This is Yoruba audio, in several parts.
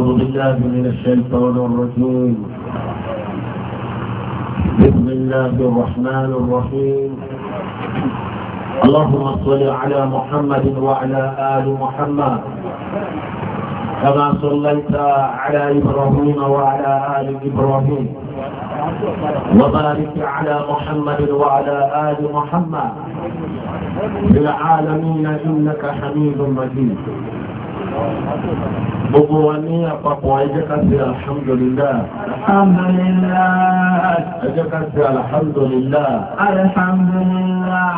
أعوذ بالله من الشيطان الرجيم بسم الله الرحمن الرحيم اللهم صل على محمد وعلى آل محمد كما صليت على إبراهيم وعلى آل إبراهيم وبارك على محمد وعلى آل محمد في العالمين إنك حميد مجيد gbogbo wa ní àpapọ̀ ẹjẹ́ ká sí alhamdulillah alhamdulillah ẹjẹ́ ká sí alhamdulillah alhamdulillah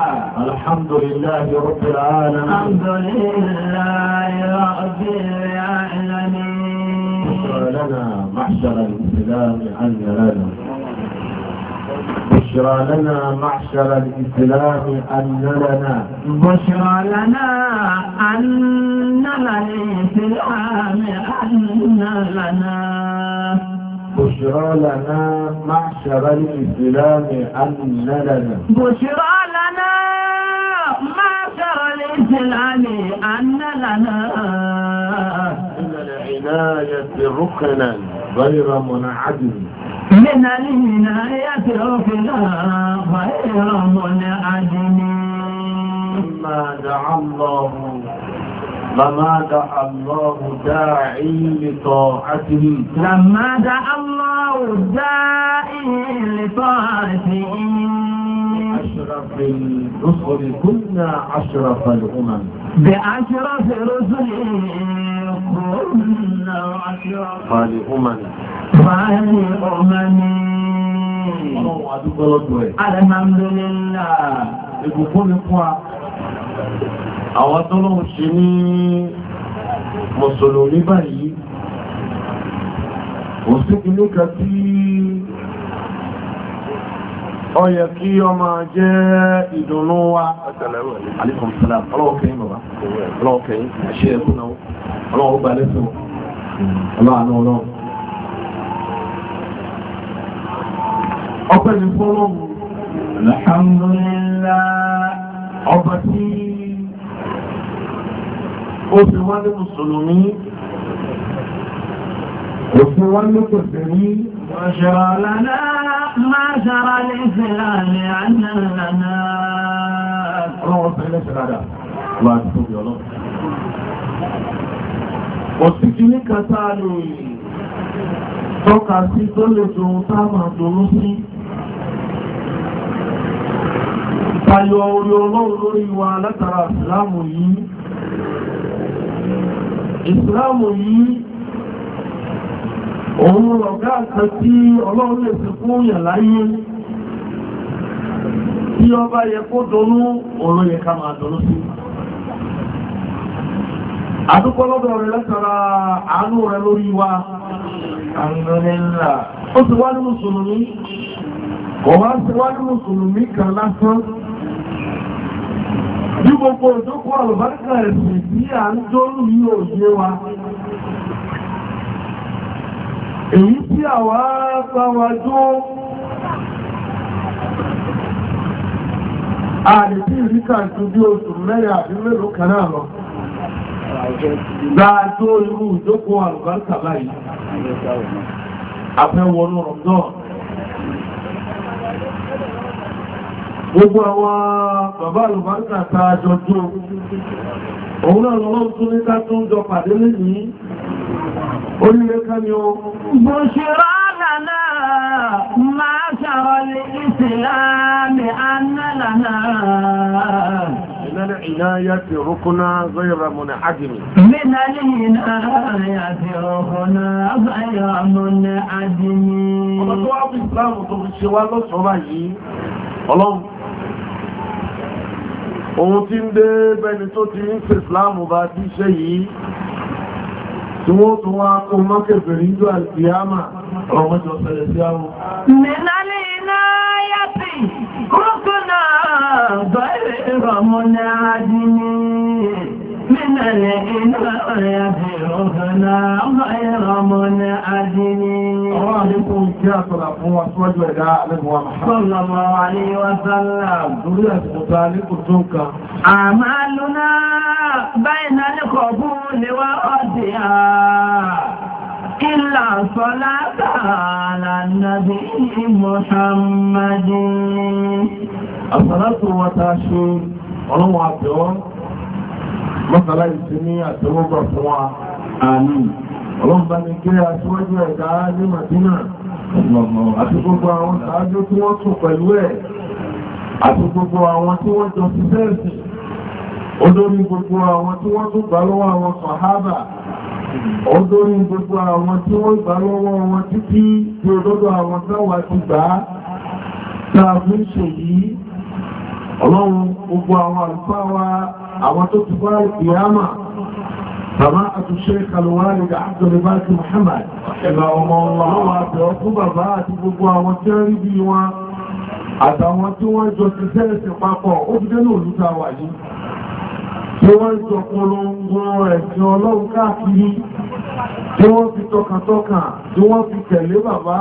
alhamdulillah rabbil alamin alhamdulillah rabbil alamin lana mahshara al-islam an yarana بشرى لنا معشر الإسلام أن لنا بشرى لنا أن الإسلام أن لنا بشرى لنا معشر الإسلام أن لنا بشرى لنا معشر الإسلام أن لنا إن العناية ركنا غير منعدم من العناية بنا خير منعدم ما دعا الله لما دعا الله داعي لطاعته لما دعا الله داعي لطاعته أشرف الرسل كنا أشرف الأمم بأشرف الرسل كنا أشرف الأمم فالأمم الحمد لله ìbùkún ní fún a àwọn tó lọ́wọ́ ṣe ní mùsùlùmí báyìí òsìkí ní kàtí ó yẹ kí ọmọ jẹ́ ìdùnnú wa alaikum salam ọlọ́wọ́ kẹyìn bàbá ọlọ́wọ́ kẹyìn àṣẹ ẹkùn náà ọlọ́wọ́ gba lẹ́sìn ọlọ́wọ́ ọlọ́wọ́ ọpẹ́ ní fọ́lọ́wọ́ alhamdulillah ọba tí ó fi wá ní mùsùlùmí kò fi wá ní kòsìrí واشرع لنا معشر الإسلام أن لنا ọlọ́wọ́ fẹ́ lẹ́sẹ̀ rádà wà ní tóbi ọlọ́wọ́ òsìkí ní kàtà lórí tọ́ka sí tó lè tóun táàmà tóun sí tayọ orí ọlọ́run lórí wa látara ìsìláàmù yìí ìsìláàmù yìí òun ọ̀gá àṣẹ tí ọlọ́run lè fi fún yà láyé tí ọba yẹ kó dọnú ọ̀rọ̀ yẹ ká máa dọnú sí àdúkọ́lọ́dọ̀ rẹ̀ lẹ́tara àánú rẹ̀ lórí wa àrùnrẹ́lá bí gbogbo ìjókòó àlùbáríkà ẹ̀sìn tí à ń wa èyí tí a sáwájú àdìtí ìríkà tó bí oṣù mẹ́rin àbí mélòó kan náà lọ dáadó irú ìjókòó àlùbáríkà báyìí àfẹ́wọ̀nú rọ̀mdán gbogbo àwọn bàbá àlùbáríkà tààjọ jó òun náà lọ́wọ́ tún ní ká tó jọ pàdé lẹ́yìn onílé kan ni ó bùṣírá lànà máa ṣàrọlẹ̀ ìsìláàmì annálànà من العناية ركنا غير منعدم من العناية ركنا غير منعدم ọmọ tó wá bí ìsìláàmù tó fi ṣe wá lọ́sọ̀rọ̀ yìí ọlọ́run ohun tí ń tó ti tí wọ́n tún wá kó mọ́kẹ̀fẹ̀ níjú àtìyàmà ọmọjọ́ sẹ̀rẹ̀ sí àwọn. Mẹ́lálẹ́ iná yàtì, rúkúnà bẹ̀rẹ̀ ìrọ̀mọ́nà àdínì. Mẹ́lálẹ́ iná yàtì, rúkúnà bẹ̀rẹ̀ ìrọ̀mọ́nà àdínì. Ọwọ́ àdínkùn kí a sọ̀rọ̀ fún wa síwájú ẹ̀dá alẹ́gbọ̀n Muhammad. Sallallahu alaihi wa sallam. Àmàlùnáà بين القبول وردها إلا صلاة على النبي محمد الصلاة والتشهد ọlọ́wọ́ àtẹ́wọ́ mọ́sàlá ìsinmi àtẹ́wọ́gbà fún wa àní ọlọ́mbà ní kí a síwájú ẹ̀dá ní Madina àti gbogbo àwọn tàájú tí wọ́n tún pẹ̀lú ẹ̀ àti gbogbo àwọn tí wọ́n jọ sí bẹ́ẹ̀sì olórí gbogbo àwọn tí wọ́n tún gbà lọ́wọ́ àwọn sàhábà olórí gbogbo àwọn tí wọ́n gbà lọ́wọ́ wọn títí tí olódọ́ àwọn táwà ti gbà á táà fún ṣe yìí ọlọ́run gbogbo àwọn àlùfáà wa àwọn tó ti bá ìyámà bàbá àtúnṣe kalùwárí àgbẹ̀lẹ̀bájú Muhammad ẹ̀bà ọmọ ọlọ́wà àbẹ̀ ọkún bàbá àti gbogbo àwọn tí wọ́n rí bí wọn àtàwọn tí wọ́n jọ ti tẹ́lẹ̀ sí papọ̀ ó fi dẹ́nu òlúta wà yìí tí wọ́n sọ polongo ẹ̀sìn ọlọ́run káàkiri tí wọ́n fi tọkàntọkà tí wọ́n fi tẹ̀lé bàbá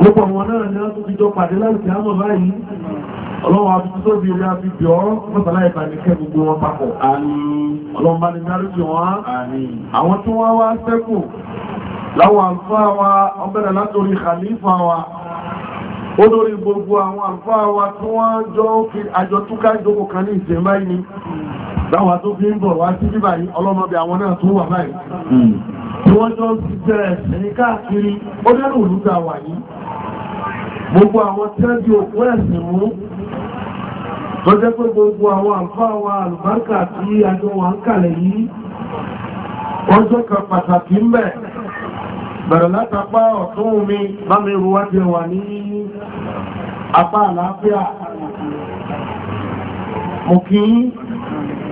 gbogbo wọn náà ni wọ́n tún pàdé láìsí àmọ́ báyìí ọlọ́run àti tó bí orí àti bí ọ́ mọ́sàlá ìbànìkẹ́ gbogbo wọn papọ̀ ọlọ́run bá gbogbo àwọn àlùfáà wa tí wọ́n jọ fi àjọ túká ìjókòó kan ní ìsìn báyìí Dáwà tó fi ń bọ̀ wá sí bíbà yìí ọlọ́mọbẹ̀ àwọn náà tó wà báyìí. Hmm. Tí wọ́n jọ káàkiri, Gbogbo àwọn tẹ́jú òkú ẹ̀sìn mú. gbogbo àwọn wa tí àjọ ń kàlẹ̀ yìí. kan pàtàkì ń bẹ̀. Bẹ̀rẹ̀ látapá ọ̀tún mi, bá mi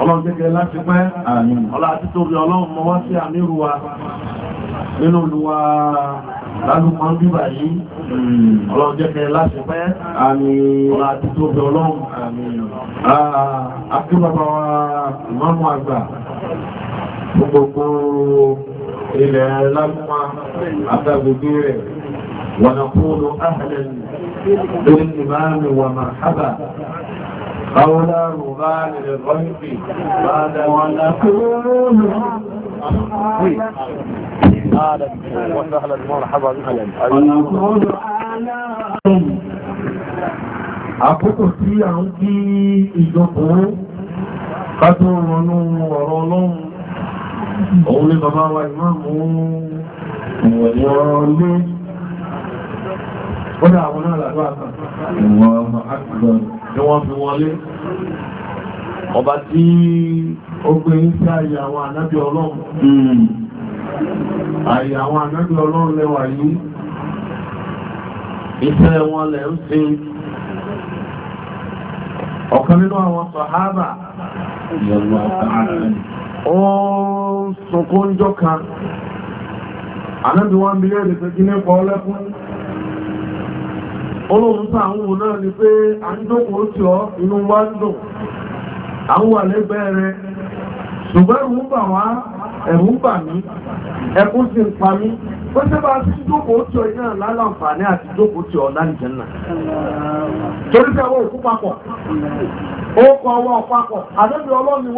ọlọ́run jẹ́gẹ́ láti pẹ́ ọlá àti tó rí ọlọ́run mọ́ wá sí àmírù wa nínú olúwa lálùmọ́ bíbà yìí hmm. ọlọ́run jẹ́gẹ́ láti pẹ́ ọlá àti tó rí ọlọ́run akíbàbà wa ìmọ́mù àgbà gbogbo ilẹ̀ lálùmọ́ ونقول أهلا بالإمام ومرحبا قولا ربان الغيب بعد ونكون أهلا وسهلا مرحبا ونكون أهلا Àkókò tí a ń bí ìjọkùn kátó ronú ọ̀rọ̀ Ọlọ́run, òun ní bàbá wa ìmáàmù wọ̀n lé, ó dá àwọn náà làdọ́ àkàkà. Wọ́n ni wọ́n fi wọlé ọba tí ó gbé ń sí àyè àwọn ànábì ọlọ́run hmm. àyè àwọn ànábì ọlọ́run lẹ́wà yìí iṣẹ́ wọn lẹ̀ ń ṣe ọ̀kan nínú àwọn sàhábà ó sunkún jọ kan ànábì wọn bí lè rẹ̀ pé kí ní pọ̀ lẹ́kún olóhun tó àwọn òun náà ni pé a ń jókòó tí ọ inú wá ń dùn àwọn wà lẹ́gbẹ̀ẹ́ rẹ ṣùgbọ́n ẹ̀rù ń bà wá ẹ̀rù ń bà mí ẹkún sì ń pa mí ó ṣe bá sí jókòó tí ọ iná lálàǹfààní àti jókòó tí ọ lálìjẹ́ náà torí pé àwọn òkú papọ̀ ó ọwọ́ papọ̀ àdébí ọlọ́run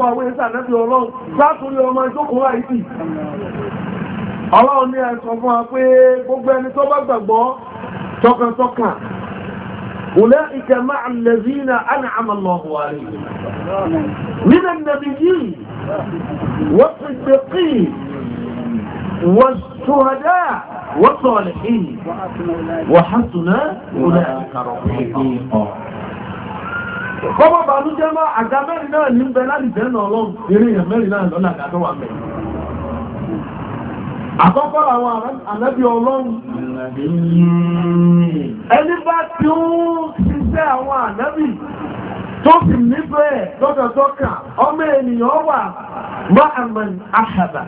àwọn fún wa pé gbogbo ẹni tó bá gbàgbọ́ tọkàntọkàn أولئك مع الذين أنعم الله عليهم من النبيين والصديقين والشهداء والصالحين وحسن أولئك رفيقين kọ́bọ̀bà ló jẹ́ mọ́ àjá mẹ́rin náà ní bẹ́ láti jẹ́ náà lọ́nà ìrìnà mẹ́rin náà lọ́nà àjá tó wà mẹ́rin Àkọ́kọ́ àwọn ànábì ọlọ́run. Ẹni bá tí ó ṣiṣẹ́ àwọn ànábì tó sì nífẹ́ lọ́dọ̀dọ́kà, ọmọ ènìyàn wà mọ́hàmàn àṣàbà.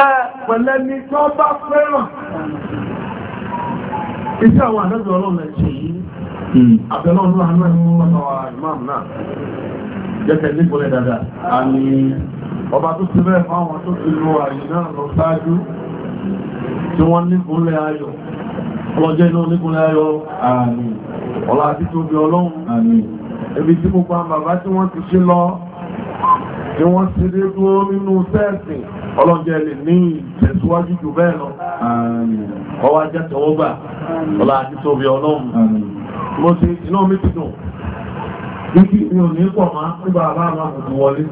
Ẹ pẹ̀lẹ́ni tó bá fẹ́ràn. Iṣẹ́ àwọn ànábì ọlọ́run ẹ̀ ṣe yìí. Àbẹ̀lọ́run ló hàn náà ní mọ́tọ̀ náà. ọba tó ti rẹ̀ fáwọn tó ti lo àyè náà lọ sáájú tí wọ́n nígunlẹ̀ ayọ̀ ọlọ́jẹ́ inú nígunlẹ̀ ayọ̀ àmì ọlá àti tó bí ọlọ́run àmì ibi tí mo pa bàbá tí wọ́n ti ṣe lọ tí wọ́n ti dé dúró nínú sẹ́ẹ̀sì ọlọ́jẹ́ lè ní ìtẹ̀síwájú jù bẹ́ẹ̀ lọ àmì ọwá jẹ́ tọwọ́gbà ọlá àti tó bí ọlọ́run mo ti inú mi ti dùn Ibi ìrìn òní pọ̀ máa nígbà àbá àmàmù ti wọlé.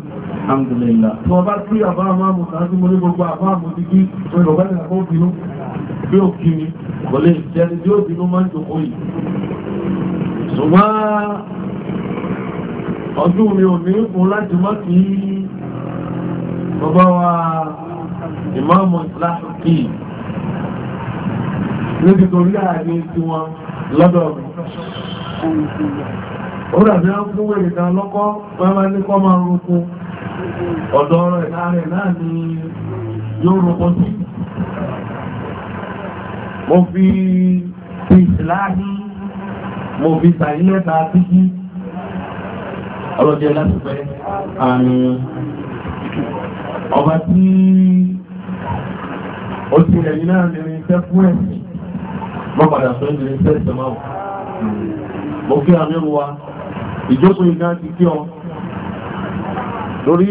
Alhamdulillah. Tí wọ́n bá tí àbá àmàmù tàbí mo ní gbogbo àbá àmù ti kí ìrọ̀bá ní àkọ́ òbínú bí ó lọ́dọ̀ mi kódà bí wọ́n fún ẹ̀ẹ̀kan lọ́kọ́ pẹ́lá ní kọ́ máa rúkú ọ̀dọ̀ ọ̀rọ̀ ìlà rẹ̀ náà ni yóò rúkú sí mo fi pìsìláàrí mo fi sàílẹ́ta títí ọlọ́jẹ́ láti pẹ́ àmì ọba tí ó ti ẹ̀yìn náà lè rí iṣẹ́ fún ẹ̀sìn mọ́ padà sọ ìdílé iṣẹ́ ìṣẹ́máwò mo fi àmì wa ìjókòó iná ti kí ọ lórí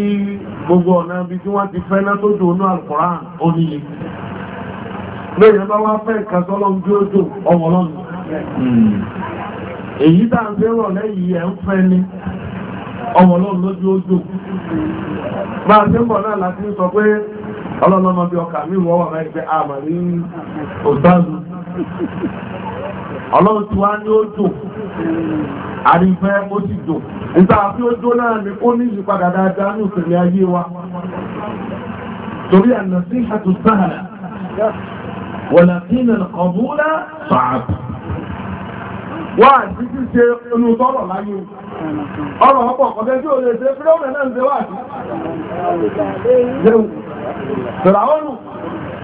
gbogbo ọ̀nà bí tí wọ́n ti fẹ́ látòjò onú oníye lóyìn bá wá fẹ́ bí ó jò ọmọ lọ́nà èyí tàà ń fẹ́rọ̀ lẹ́yìn ẹ̀ ń fẹ́ ní ọmọ lọ́nà lójú ó jò bá a ṣe ń bọ̀ mi wọ́n wà ọlọ́run tí wá ní ó dùn àrífẹ́ ó sì dùn nígbà tí ó dùn náà ni ó ní ìyípadà dáadáa ní òṣèlú ayé wa torí àná sí àtúnṣáàlà wọ̀nà tí ìnà ọ̀búnlá sàábù wá àti tí ṣe inú sọ́rọ̀ láyé ọ̀rọ̀ ọ̀pọ̀ ọ̀kọ̀dẹ́ tí ó lè ṣe fílọ́mẹ̀ náà ń ṣe wá àti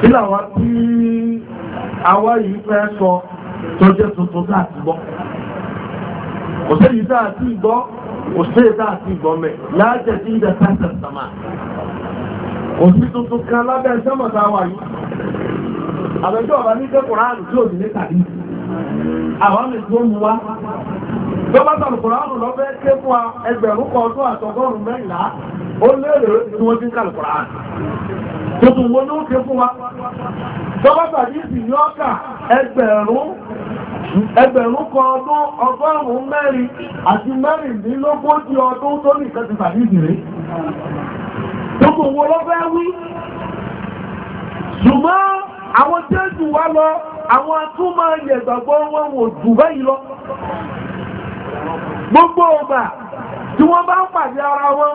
sílà wá tí àwa yìí fẹ́ sọ tó jẹ́ tuntun tá àti gbọ́ òṣèlú yìí tá àti gbọ́ òṣèlú tá àti gbọ́ mẹ́ láàjẹ̀ tí ìjà sáṣà sàmà òṣì tuntun kan lábẹ́ sẹ́mọ̀ tá a wà yìí àbẹ̀jọ́ ọ̀bá ní kẹ́kọ̀ọ́ àrùn tí ò ní tàbí àwọn mi tó mú wa tó bá tọ̀lù kùránù lọ fẹ́ ké fún wa ẹgbẹ̀rún kan ọdún àtọgọ́rùn-ún mẹ́rìnlá ó lérè tí wọ́n ti tuntun wo ló ń ṣe fún wa dọ́kítà yìí sì ní ọkà ẹgbẹ̀rún ẹgbẹ̀rún kan ọdún ọgọ́rùn-ún mẹ́rin àti mẹ́rìndínlógójì ọdún tó ní ìkẹsì tàbí ìdìrí tuntun wo ló fẹ́ wí ṣùgbọ́n àwọn tí ó jù wá lọ àwọn atúmọ̀ yẹ̀gbàgbọ́ wọn wò jù báyìí lọ gbogbo ọgbà tí wọ́n bá ń pàdé ara wọn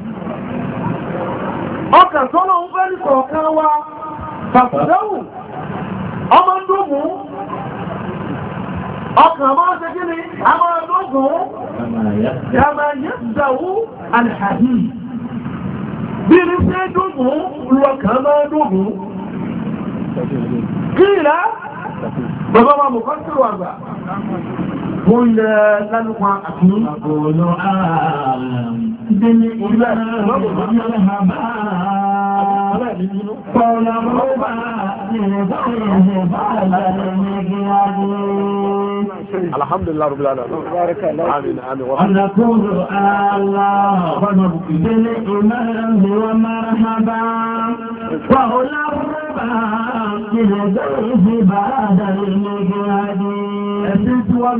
ọkàn tọ́lọ̀ ń fẹ́ nìkọ̀ọ̀kan wa pàtàkì ọmọ ń dùn mú ọkàn máa ṣe kí ni a máa lọ́gùn yàmà yẹ́sàwó alhàbí bí ní ṣe dùgùn lọ́kàn máa dùgùn kí ìlà bàbá wa mọ̀kọ́ sí wàgbà Oúnjẹ lálùpàá àti àbòrò ààrùn. Alhamdulillah rabbil alamin. Amin amin. Ana kúrò Allah bẹ̀rẹ̀ ìmọ̀ràn wa marhaba. Wa ọlá rúbà kìrò bẹ̀rẹ̀ ìbáadà ìmọ̀gbọ̀n adé. Ẹ̀sìn tí wọ́n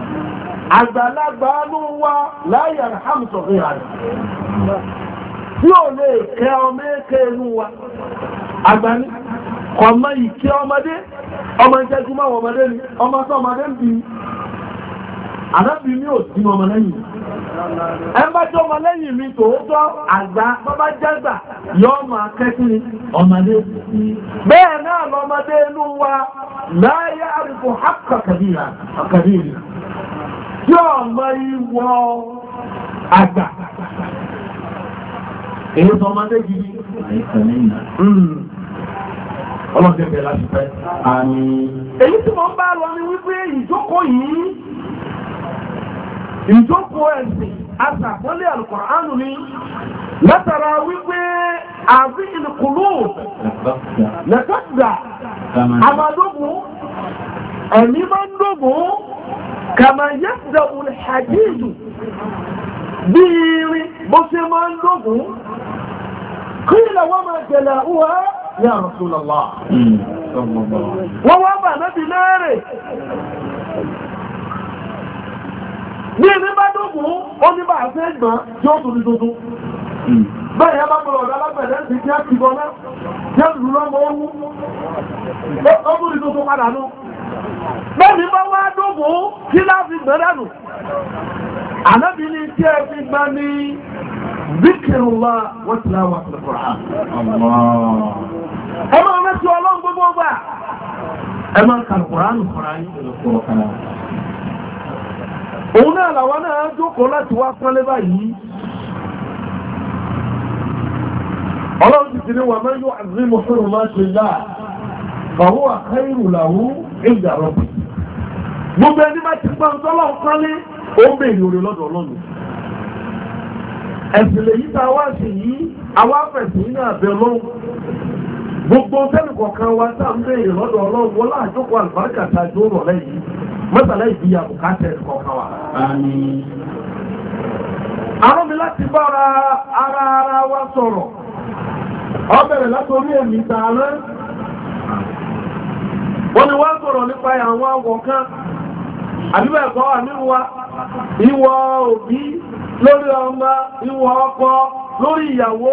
àgbàlagbà ló n'uwa láyà hàmsọ̀fẹ́ rẹ̀ tí ò lè kẹ́ ọmọ ẹ̀kẹ́ inú wa àgbàní ọmọ ìkẹ́ ọmọdé ọmọ ìjẹ́gúnmọ́ ọmọdé ni ọmọ sọmọdé ń bí mi ò sí ọmọ lẹ́yìn ẹ bá jẹ́ ọmọ lẹ́yìn mi tòótọ́ àgbà bábá jẹ́gbà yọ ọmọ akẹ́kí ọmọdé bẹ́ẹ̀ náà inú wa láyé tí ọmọ ìwọ àgbà èyí tó ọmọdé gidi ọlọ́dẹ̀bẹ̀ láti pẹ́ àmì èyí tí wọ́n bá lọ ní wípé ìjókòó yìí ìjókòó ẹ̀sìn asàpọ́lé alùkọ̀ránù ni látara wípé àrí ìlùkùlù lẹ́kọ́gbà àmàdógún ẹ̀mí kàmà yẹ́sẹ̀ olùhàdíjù bí irin bó ṣe máa ń lóògùn kí ilẹ̀ wọ́n máa jẹ̀lẹ̀ àwúwá yà rọ̀sùlọ̀lá wọ́n wá bà náàbì lẹ́rẹ̀ bí irin bá dógùn ó ní bá fẹ́ gbọ́n tí ó tún tuntun bẹ́ẹ̀ yẹ bá gbọ́rọ̀ ọ̀dá lágbẹ̀ẹ́ lẹ́sìn tí á ti bọ́ náà bẹ́ẹ̀ni bá wá dógó kí láti gbẹ́rẹ́nù ànábì ní tí ẹ fi gbá ní zikrullah wa tilawatul Qur'an ẹ máa rántí ọlọ́run gbogbo gbà ẹ máa ń kàlù kùránù kùránù òun náà làwọn náà jókòó láti wá pánlé báyìí ọlọ́run ti ti ní wà man yu'azzimu hurumati llah fa huwa khairu lahu inda rabbih gbogbo ẹni bá ti gbọ́ ọ̀tọ́lọ́ nǹkan ó ń bèèrè oore lọ́dọ̀ ọlọ́run ẹ̀sìn lèyí tá a wá sí yìí gbogbo wa tá ń bèèrè lọ́dọ̀ ọlọ́run wọlé àjókòó àlùbáríkà tá a jó rọ̀ lẹ́yìn mọ́tàlá ìbí àbùkátà ẹ̀sìn kọ̀ọ̀kan wa. mi láti bá ara ara wa sọ̀rọ̀ ó bẹ̀rẹ̀ látọ̀rí tààrẹ́ wọ́n ni wọ́n sọ̀rọ̀ àbíbẹ̀kọ́ àmìwà ìwọ òbí lórí ọmọ ìwọ ọkọ lórí ìyàwó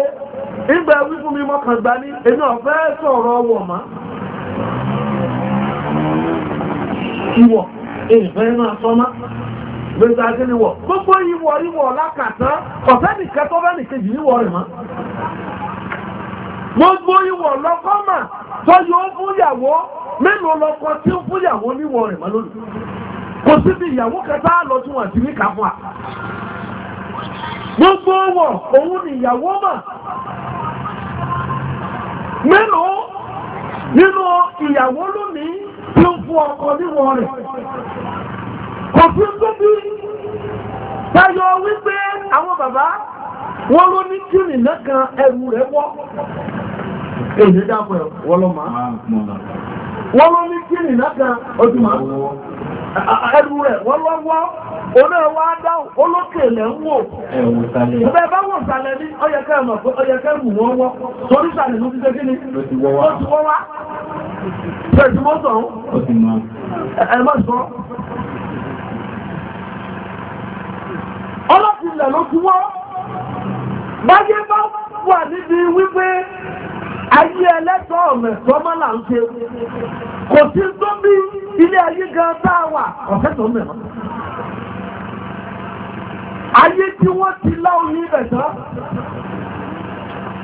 ìgbà wífún mi mọ́kàngbà ní èmi ọ̀fẹ́ sọ̀rọ̀ ọwọ̀ má ìwọ̀ ìfẹ́ náà sọ́má gbèsè àti níwọ̀ gbogbo ìwọ̀ ìwọ̀ lákàtà ọ̀fẹ́ nìkẹ́ tó fẹ́ nìkejì níwọ̀ rẹ̀ má gbogbo ìwọ̀ lọ́kọ́ mà tó yóò fún ìyàwó mélòó lọ́kọ tí ó fún ìyàwó níwọ̀ rẹ̀ má lónìí kò síbi ìyàwó kẹta lọ tí wọ́n ti ní káfún à gbogbo wọn òun ni ìyàwó mà mélòó nínú ìyàwó lónìí tí ó fún ọkọ níwọ̀n rẹ̀ kò sí tóbi tayọ wípé àwọn bàbá wọ́n ló ní kíni lẹ́kan ẹrù rẹ̀ wọ́ èyí dápẹ́ wọ́lọ́mà wọ́n ló ní kíni lẹ́kan ọdún ẹrù rẹ̀ wọ́n lọ́wọ́ onáwọ́ adáhùn olókè lẹ̀ ń wò ẹ̀bẹ̀ bá wò sàlẹ̀ ní ọyẹ̀kẹ́ ẹ̀mọ̀ pé ọyẹ̀kẹ́ mù wọ́n wọ́ torí sàlẹ̀ ló ti dégé ní ló ti wọ́ wá pẹ̀sì mọ́tò ẹ̀mọ́ sọ ọlọ́tìlẹ̀ ló ti wọ́ báyé bá wà níbi wípé ayé ẹlẹ́tọ̀ ọ̀mẹ̀ tọ́mọ́ là ń ṣe kò sí tó ilé ayé gan tá wà ọ̀fẹ́tọ̀ ọ̀mẹ̀ mọ́. ayé tí wọ́n ti lá omi ibẹ̀ tán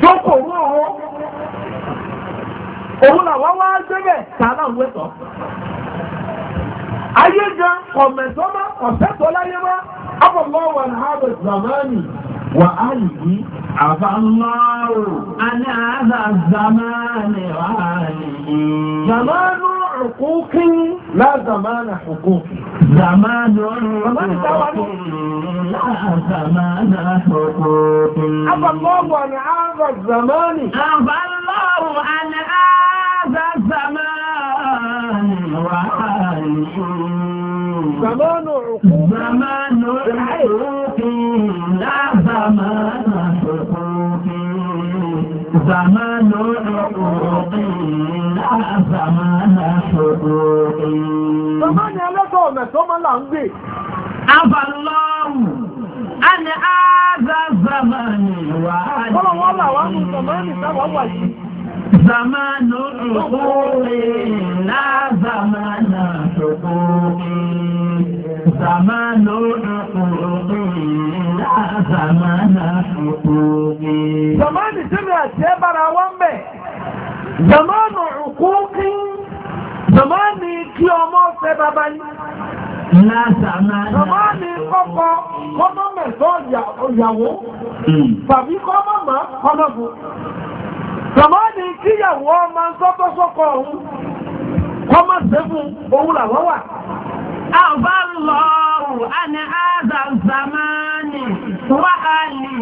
tó kò wọ́n o òun làwọn wá gbẹ́bẹ̀ tá náà wé tán. ayé gan ọ̀mẹ̀ tọ́mọ́ láyé mọ́ wà ní zamani. وآله عفى الله عن هذا الزمان وعلي زمان حقوقي لا زمان حقوقي زمان حقوقي لا زمان حقوقي عفى الله عن هذا الزمان عفى الله عن هذا الزمان وعلي Zamanu òkú. Zamanu òkú zamanu, òkú. Zamanu òkú lábàmánà òkú. Zamanu ẹlẹ́tọ̀ ọ̀nà tó máa là ń gbé. Abàlọ́rù, a ní ààzà zamani wà á ní. Kọ́lọ̀ wọ́n là wá mú zamani táwọn wà yìí. Zamanu الرسول لا زمان الرسول زمان الرسول لا زمان الرسول زمان ìsinmi àti ẹbára wọ́n bẹ̀ زمان عقوق زمان ni kí ọmọ fẹ́ bàbá yìí Bàbá ni kọ́kọ́ kọ́mọ́mẹ̀ tó sàmọ́ọ̀nì tíyàwó ọmọ sọ́kọ́sọ́kọ́ ọ̀hún kọ́mọ̀ sẹ́fún òun làwọ́ wà. àbálọ́ọ̀rù àni àdà sàmánì wà á lè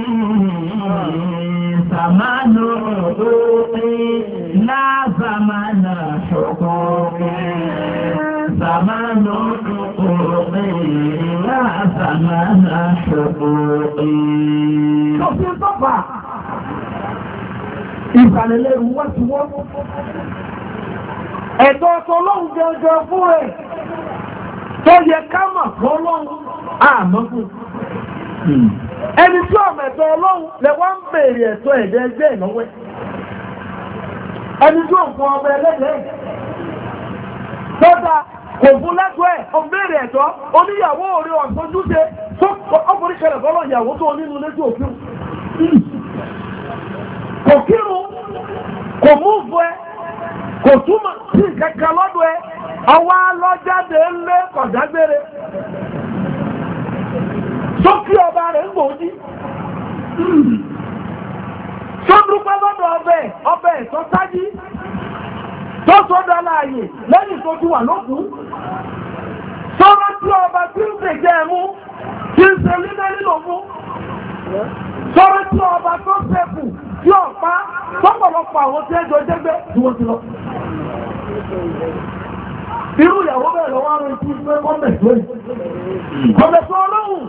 sàmánù òfin lásàmánà ṣọkùnrin sàmánù òfin lásàmánà ṣọkùnrin. òfin tó ìbàlẹ̀lẹ́rù wọ́n ti wọ́n ẹ̀tọ́ ọ̀tọ̀ ọlọ́run gẹ́gẹ́ fún rẹ̀ tó yẹ ká mà fún ọlọ́run àmọ́ fún hmm. ẹni tí ọmọ ẹ̀tọ́ ọlọ́run lẹ́wọ́ ń bèèrè ẹ̀tọ́ ẹ̀dẹ́ ẹgbẹ́ ìnáwẹ́ ẹni tí òǹkan ọmọ ẹlẹ́dẹ́ tọ́ta kò fún lẹ́tọ́ ẹ̀ ọ̀bẹ̀rẹ̀ ẹ̀tọ́ oníyàwó orí ọ̀sọ́júṣe ọkùnrin kẹrẹ̀ fọ́lọ̀ ìyàwó tó onínú lẹ́jọ́ òfin kò kírun kò múùfù ẹ kò túmọ̀ sí kẹ̀kẹ́ lọ́dọ̀ ẹ ọwọ́ alọ́jáde lé kọ̀dágbére sókè ọba rẹ̀ ń gbòójì sódúpẹ́ lọ́dọ̀ ọbẹ̀ ọbẹ̀ ìtọ́sájí tó sọ́dọ̀ aláàyè lẹ́yìn tó ti wà lókù sọ́rọ́ tí ọba tí ń tèjẹ́ ẹ̀mú tí ń ṣe lílẹ́ lílò fún sọ́rọ́ tí ọba tó ṣẹ́kù tí ó pa tọ́pọ̀lọpọ̀ àwọn tí ẹjọ́ jẹ́gbẹ́ tí wọ́n ti lọ. Irú ìyàwó bẹ̀rẹ̀ lọ́wọ́ rẹ̀ tí ó kọ́mẹ̀ lórí. Kọ̀mẹ̀ tó ọlọ́run.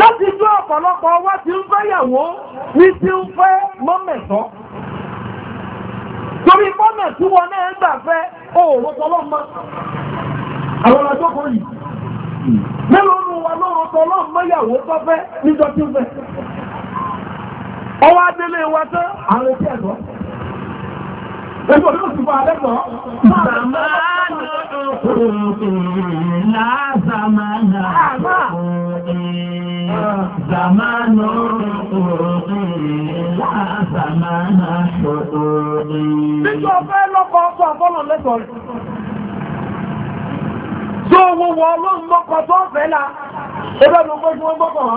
Láti jó ọ̀pọ̀lọpọ̀ wá ti ń fẹ́ ìyàwó ní ti ń fẹ́ mọ́mẹ̀tọ́. Torí mọ́mẹ̀ tí wọn náà ń gbà fẹ́ òòrùn tọlọ́mọ. Àwọn ọ̀rọ̀ tó kọ yìí. Mélòó nu wa lóòrùn tọlọ́mọ ìyàwó ọwọ́ adélé wa tán ààrẹ tí ẹ̀kọ́ ẹgbẹ́ tó sì fún alẹ́kọ̀ọ́ sàmà nùrùkùnlá sàmà nùrùkùnlá sàmà nùrùkùnlá Nígbà ọ̀fẹ́ lọ́kọ̀ ọ̀pọ̀ àbọ́lọ̀ lẹ́kọ̀ọ́ rẹ̀. Tó wọ́wọ́ ọlọ́run mọ́kọ̀ tó ọ̀fẹ́ la, ẹgbẹ́ ló gbé tí wọ́n gbọ́kọ̀ wá.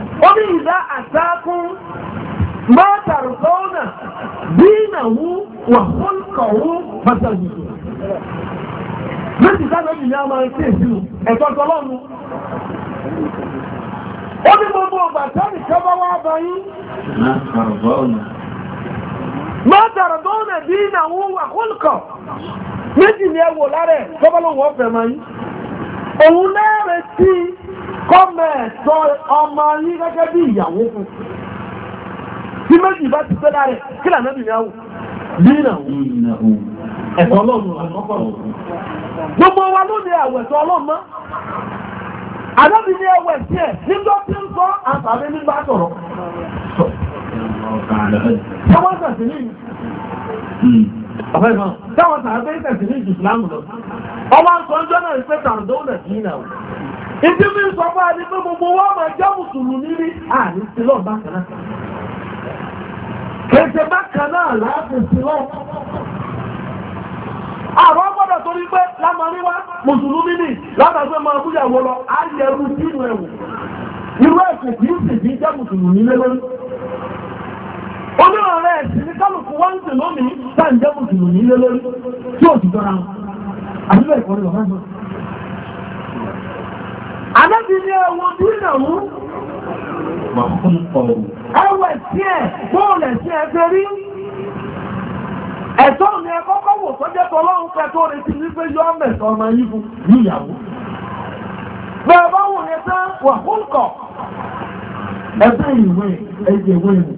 ó ní ìdá àtàkùn mọ́tàrù sọ́ọ́nà dínàwó wà fọ́nkọ̀wó pàtàkì méjì sáré yìí ni a máa ń ṣe ìṣirò ẹ̀tọ́ tọlọ́nu ó ní gbogbo ọgbà tẹ́lì kọ́bá wá bá yín mọ́tàrù ni ẹ wò lára ẹ̀ tọ́bọ́lọ́wọ́ máa yín kọ́mẹ̀ ẹ̀tọ́ ọmọ yín gẹ́gẹ́ bí ìyàwó fún tí méjì bá ti pẹ́lá rẹ̀ kí lànà ìyàwó bí ìrànwó ẹ̀tọ́ ọlọ́run àkọ́kọ́ gbogbo wa ló ní àwọ̀ ẹ̀tọ́ ọlọ́run mọ́ àdọ́bí ní ẹwẹ̀ sí ẹ̀ nígbà tí ń sọ àtàrí nígbà sọ̀rọ̀ táwọn tẹ̀sí ní ọ̀fẹ́ náà táwọn tẹ̀sí ní ìsìlámù lọ ọba ń sọ ìdí mi sọ fún àdí pé gbogbo wọn máa jẹ́ mùsùlùmí ní àní sílọ̀ bákan náà kèsè bákan náà láti sílọ̀ àwọn gbọ́dọ̀ torí pé lámọ̀ríwá mùsùlùmí ní látàgbé máa búyàwó lọ ayẹ̀rú sínú ẹ̀wù irú ẹ̀sìn kìí sì bí jẹ́ mùsùlùmí lé lórí oníwọ̀n rẹ̀ sì ní kálukú wá ń sì lónìí tá à ń jẹ́ mùsùlùmí lé lórí tí ò sì jọra wọn àbílẹ̀ ìkọ́ni lọ́wọ́ Àdábí ní ẹwọ bí ìrànwú. Ẹwẹ̀ tí ẹ̀ bóòlẹ̀ sí ẹgbẹ́ rí. Ẹ̀tọ́ mi ẹ kọ́kọ́ wò tó jẹ́ tọ́lọ́run pẹ́ tó retí wípé yọ́ mẹ̀sọ̀ ọmọ yìí fún níyàwó. Bẹ́ẹ̀ bá wù ní tán wà fún kọ̀. Ẹgbẹ́ ìwé ẹgbẹ́ ìwé ìwé.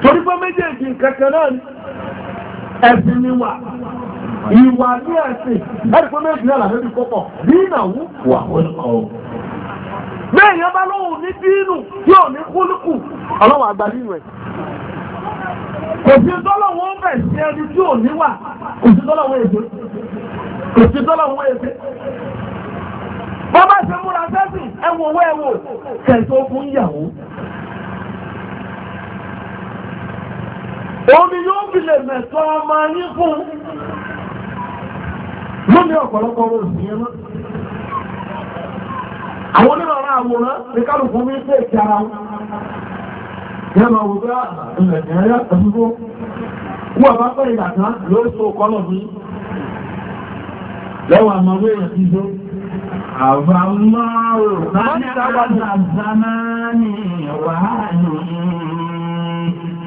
Torí pé méjèèjì kankan náà ẹ̀sìn ni wà ìwà ní ẹ̀sìn láti pé méjì náà làbẹ́bí kọ́kọ̀ dínàwó wà wọ́n kọ́ ọ́. bẹ́ẹ̀ yẹn bá lóhùn ní dínù yóò ní kúlùkù ọlọ́wọ́ àgbà nínú ẹ̀. kò sí dọ́lọ́wọ́ bẹ̀ sí ẹni tí ò ní wà kò sí dọ́lọ́wọ́ èdè kò sí dọ́lọ́wọ́ èdè. bọ́bá ṣe múra sẹ́sìn ẹ̀wọ̀n wẹ́ẹ̀wò kẹ̀sọ́ fún ìyàwó. omi yóò fi lè mẹ̀sọ́ ọmọ yín fún lómi ọ̀pọ̀lọpọ̀ ọ̀rọ̀ òsì yẹn mọ́. àwọn onírọ̀rọ̀ àwòrán ní kálùkù ní ilé ìkí ara wọn. yẹn máa wò bá ilẹ̀ ìrẹ́lẹ́ àdúgbò wọ́n bá pẹ́ ìdàkan ló so kọ́lọ̀ mi. lẹ́wọ̀n àmọ́ wé èèyàn ti dé. àbámọ́rò láti sábàdà zamani wà ní.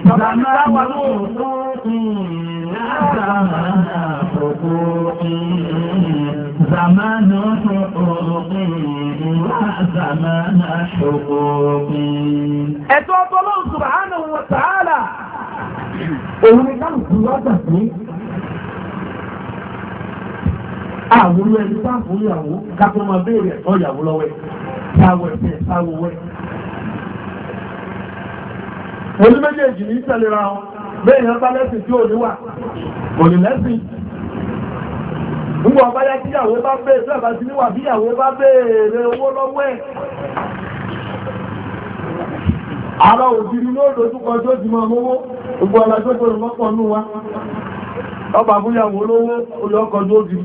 zamani wà ní. زمان حقوقي وزمان حقوقي ẹ̀tọ́ ọlọ́run subhanahu wa ta'ala òun ni láì fi wájà sí àwọn olú ẹni sáàfù ìyàwó kápẹ́ máa béèrè ẹ̀tọ́ ìyàwó lọ́wọ́ ẹ̀ bẹ́ẹ̀yàn bá lẹ́sìn tí ò bá bẹ́ẹ̀ tó ẹ̀bá sí níwà bíyàwó bá bẹ́ẹ̀rẹ̀ owó lọ́wọ́ ẹ̀ ara òjìrí ló dojúkọ tó ti mọ owó gbogbo ọ̀la tó tó wa ọba fúnyàwó lówó olóòkọ̀ tó ti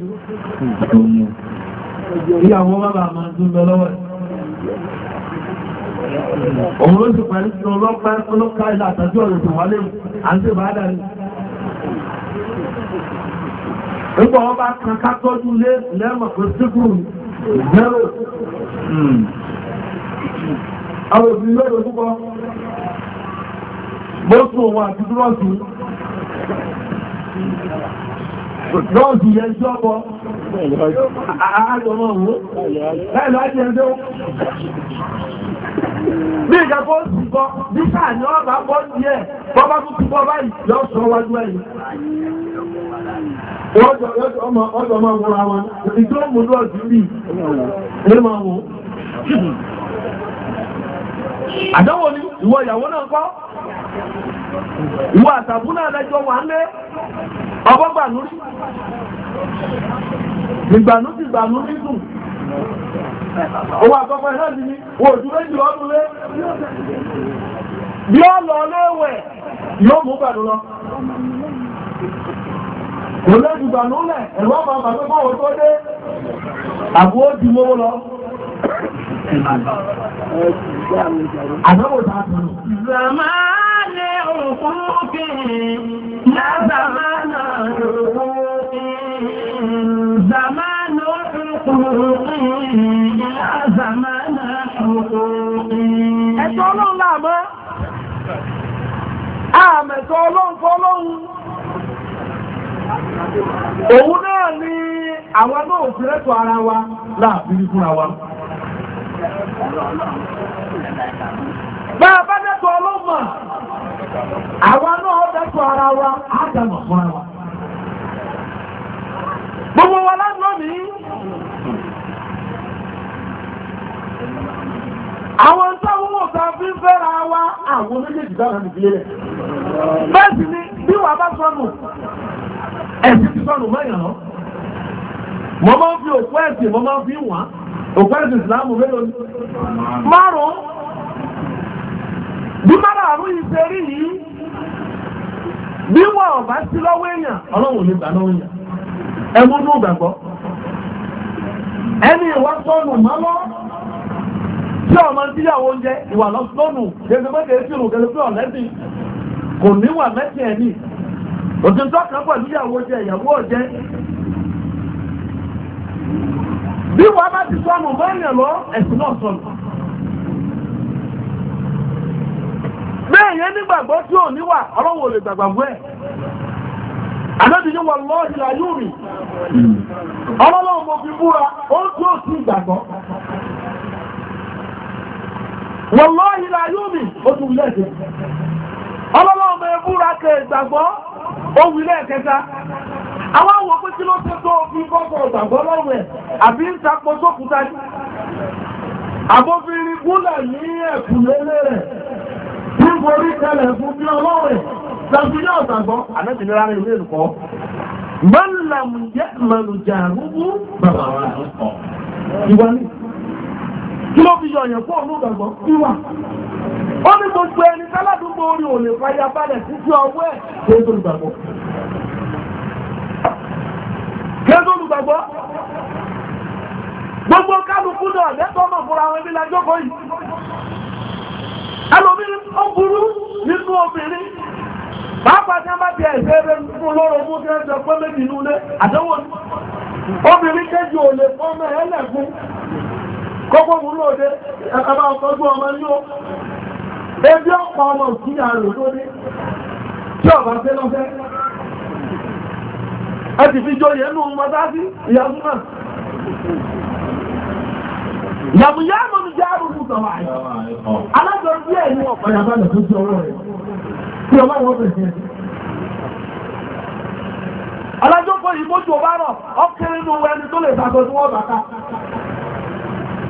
òun ló ti pẹ̀lú tí ọlọ́pàá ọlọ́pàá ilẹ̀ àtàjú ọ̀rọ̀ tó wálé àti ìbáadà ni nígbà wọ́n bá kan kátọ́jú lé lẹ́mọ̀ pé síkùrù zero àwọn òbí lọ́rọ̀ púpọ̀ mọ́sù òun àti dúrọ́sù dúrọ́sù yẹn sí ọ̀pọ̀ àárọ̀ mọ́ òun láìláàjẹ́ ẹjọ́ bí ìjà bó ti bọ́ bí ọba bọ́ sí ẹ̀ bọ́bá tó ti báyìí yọ sọ wájú ẹ̀yìn ọjọ́ máa wọ́n ra ìjọ òmùdó ọ̀sìn bí ní máa wọ́n ni ìwọ ìyàwó náà kọ́ ìwọ náà lẹ́jọ́ wà ń lé Òwà àkọ́kọ́ iná ti ní, wò ojú méjì lọ́dún lé. Bí ó lọ léwẹ̀, yóò mú pẹ̀lú lọ. Kò lẹ́jù gbànú lẹ̀, ẹ̀rọ máa bà pé bọ́wọ́ tó dé. Àbú ó di lọ. Àdánwò ta Zàmá lè òkun kè, lázàmá náà حقوقي يا زمان حقوقي ẹ̀tọ́ ọlọ́run láàmọ́ ọlọ́run òun náà ni àwọn náà fi rẹ́tọ̀ ara wa láàbí fúnra wa bẹ́ẹ̀ bá dẹ́tọ̀ ọlọ́mọ̀ àwọn náà dẹ́tọ̀ ara wa á dàmọ̀ fúnra wa gbogbo wa lánàá àwọn táwọn òta fi ń fẹ́ra wa àwọn méjèèjì dára nìbí ni bí wà bá sọnù ẹ̀sìn ti sọnù mẹ́yàn lọ mo fi òkú ẹ̀sìn ń òkú ẹ̀sìn mélòó ni márùn-ún bí márùn-ún yìí ṣe rí yìí bí wọn ò sí lọ́wọ́ èèyàn ọlọ́run ò tí ọmọ tí yàwó ń jẹ ìwà lọ́nù gẹ́gẹ́gbẹ́gẹ́ sí òun gẹ́gẹ́ kò níwà mẹ́sìn ẹ̀mí òtítọ́ kan pẹ̀lú jẹ ìyàwó ọ̀jẹ́ bí wàá bá ti sọnù mọ́yìn lọ náà sọnù bẹ́ẹ̀ yẹn nígbàgbọ́ tí ò níwà ọlọ́wọ́ lè ẹ̀ hmm. mo fi búra ó gbàgbọ́ wọ́lọ́hì láyómi oṣù lẹ́ẹ̀kẹ́ ọlọ́lọ́mọ ẹbúra kẹ ìgbàgbọ́ ohun lẹ́ẹ̀kẹta àwọn àwọn pé kí ló tẹ́ tó fi kọ́kọ́ ìgbàgbọ́ lọ́wọ́ ẹ̀ àbí ń tapọ̀ sókúta àbófinrin gúnlẹ̀ ní rẹ̀ tí ń borí tẹ́lẹ̀ fún bí ẹ̀ kí ló fi yọ̀yàn fún òun gbàgbọ́ wíwà ó ní gbogbo ẹni táládùúgbò orí ò lè fàyà balẹ̀ títí ọwọ́ ẹ̀ kí ó tó lùgbàgbọ́ kí ó tó lùgbàgbọ́ gbogbo kálukú náà lẹ́tọ́ ọmọ fúnra wọn nílẹ̀ àjọkọ̀ yìí ẹlòmíín ó burú nínú obìnrin pàápàá tí wọ́n bá ti ẹ̀sẹ̀ rẹ̀ fún lọ́rọ̀ mú tí wọ́n ti ọpẹ́ méjì nílé àdánwò obìnrin kéjì ò lè fọ́ mẹ́ẹ̀ẹ́lẹ̀ fún kọ́kọ́ mú lóde ẹ̀kàbá ní ó ẹbí ọ̀pọ̀ ọmọ òkúnyà rò lóde fẹ́ a ti fi jọ yẹnu mọ́tásí ìyàwó náà yàmùyá mọ́ mi jẹ́ àrùn fún tọ́wà yìí alájọ bí ẹ̀ ní ọ̀pọ̀ tó ọwọ́ rẹ̀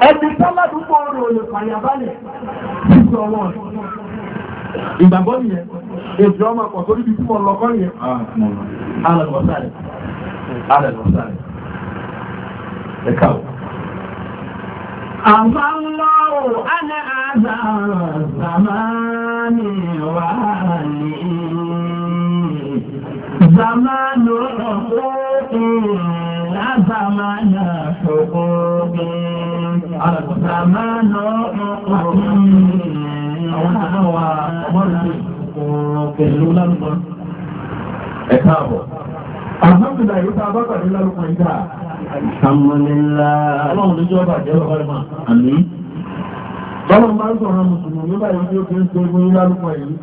ẹni sọ́lá dúpọ̀ orí olè fàyàbálẹ̀ títí ọwọ́ ìgbàgbọ́ wọ́n lọ́kọ́ nìyẹn alẹ́lọ́sàrẹ̀ alẹ́lọ́sàrẹ̀ ẹ̀ka o. Àfáńlọ́wò ánà Àrùsàmánà àwọn tàbáwà mọ́rùn-ún pẹ̀lú lálùmọ́. Ẹ káàbọ̀. Àhàmìlà yóò tàbá pàdé lálùmọ́ ìdá. Àmàlélà. Ọlọ́run ní jọba jẹ́ ọba ìmọ̀. Àmì. Bọ́lọ̀ máa ń sọ̀rọ̀ Mùsùlùmí báyìí tí ó fi ń ṣe ogun lálùmọ́ yìí.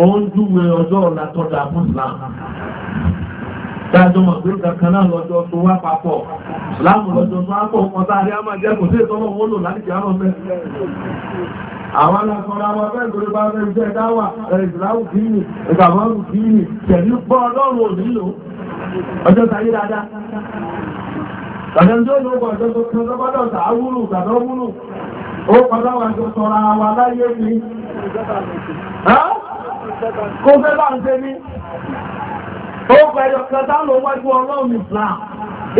Ó ń júwe ọjọ́ ọ̀la tọ́jà fún Islam. Dájọ́ mọ̀ pé kankan náà lọ́jọ́ tó wá papọ̀. Láàmù lọ́jọ́ tó wá pọ̀ kan táàrí á máa jẹ́ kò sí ìtọ́nà wọn lò láti kìí àwọn mẹ́rin. Àwọn alákọ̀ọ́lá wọn fẹ́ ìgbèrè bá fẹ́ iṣẹ́ dáwà, ìsìláwù kìí nì, ìgbàmọ́rù kìí nì, tẹ̀lé pọ́ ọlọ́run òní lò. Ọjọ́ tayé dáadáa. Ọjọ́ tó lọ́gbọ̀ ọjọ́ tó kan tó Ọgbà ẹ̀yọ̀kan dánà wájú ọlọ́run Islam,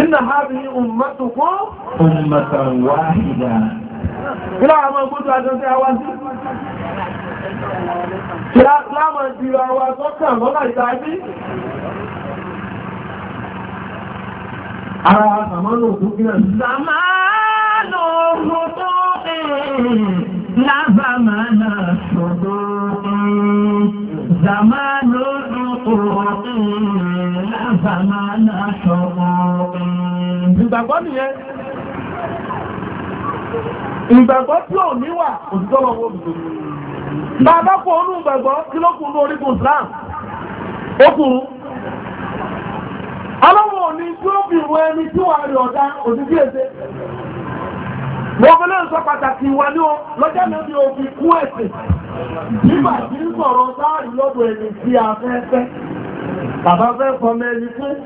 iná hábi ọmọtò fún ọmọtàn wáhìdá. Kílá àwọn ọgbọ́dù àjọsí àwá sí? Kílá láwọn ìdíra àwá sọ́kàn lọ́nà ìdájí? Ara àmánà òkú kí náà. Sàmánà òkú tó sàmánà ṣọ̀rọ̀ ìgbàgbọ́ tí ò níwà òtítọ́ lọ́wọ́ òbìtò bàbá kò ní ìgbàgbọ́ tí ló kùn ní orígun Islam ó kùn ọlọ́wọ́ ní tí ó fi ìwọ ẹni tí wà rí ọ̀dá òtítí sọ pàtàkì wà ní òfin kú nígbà bàbá fẹ́ fọmọ ẹni fún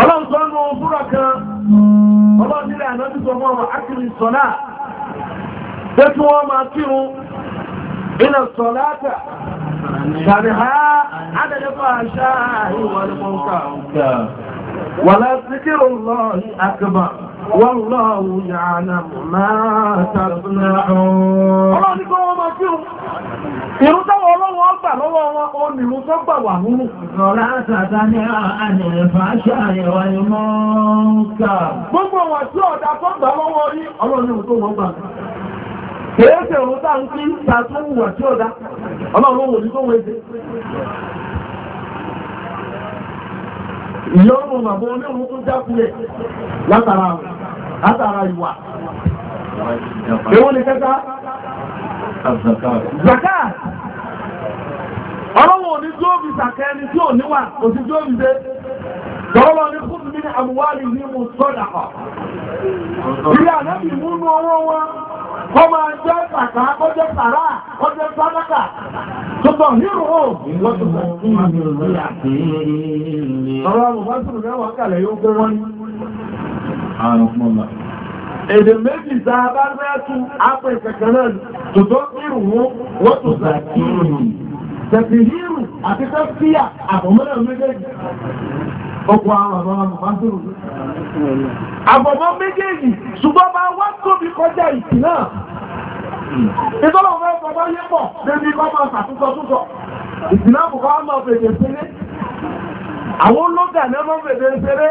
ọlọ́run sọ nù búrọ̀ kan ọlọ́run nílẹ̀ ànábì sọ fún ọmọ akiri sọlá pé kí wọ́n máa kírun iná sọlá kà tàbí ha adẹ́dẹ́kọ̀ àṣà ìwọ̀n ولذكر الله أكبر والله يعلم ما تصنعون Ọlọ́run ní kọ́ wọ́n máa fi òun. Ìrún táwọn ọlọ́wọ́ ọgbà lọ́wọ́ wọn, wà Gbogbo ọ̀dà rí, ọlọ́run tó wọ́n gbà. òun tá ń kí ta tó tí ọ̀dà, ọlọ́run ní tó ìyọ́mù bàbá oníhun tó jákulẹ̀ látara ìwà èwo ni kẹta zaka ọlọ́wọ́ òní tí ó fi sàkẹ́ ẹni tí ò níwà òsì tí ó fi dé lọ́wọ́ ní fún mi ní àmúwárí ní mú sọ́dà ọ̀. Ìyá lẹ́bí mú ní owó wọn, kọ́ máa jẹ́ kàkà, kọ́ jẹ́ sàrá, kọ́ jẹ́ sàdákà, tuntun nírò ó. Ọ̀rọ̀ àmúfásùn mẹ́wàá kàlẹ̀ yóò kó wọ́n ní. Àrùn Èdè méjì za bá rẹ́ tún ápè kẹ̀kẹ́rẹ́ tuntun nírò ó, wọ́n tún zà kí. Tẹ̀sí hírù àti tẹ́síyà àbọ̀mọ́lẹ̀ méjèèjì ọkọ̀ àwọn àbára mọ̀ máa dúró. Àbọ̀mọ́ méjèèjì ṣùgbọ́n bá wá tóbi kọjá ìtì náà. Ìtọ́lọ̀ fẹ́ bàbá yé pọ̀ débi kọ́ máa ṣàtúnṣọ túnṣọ. Ìtì náà kò káwá máa fèdè ṣeré. Àwọn ológa náà máa fèdè ṣeré.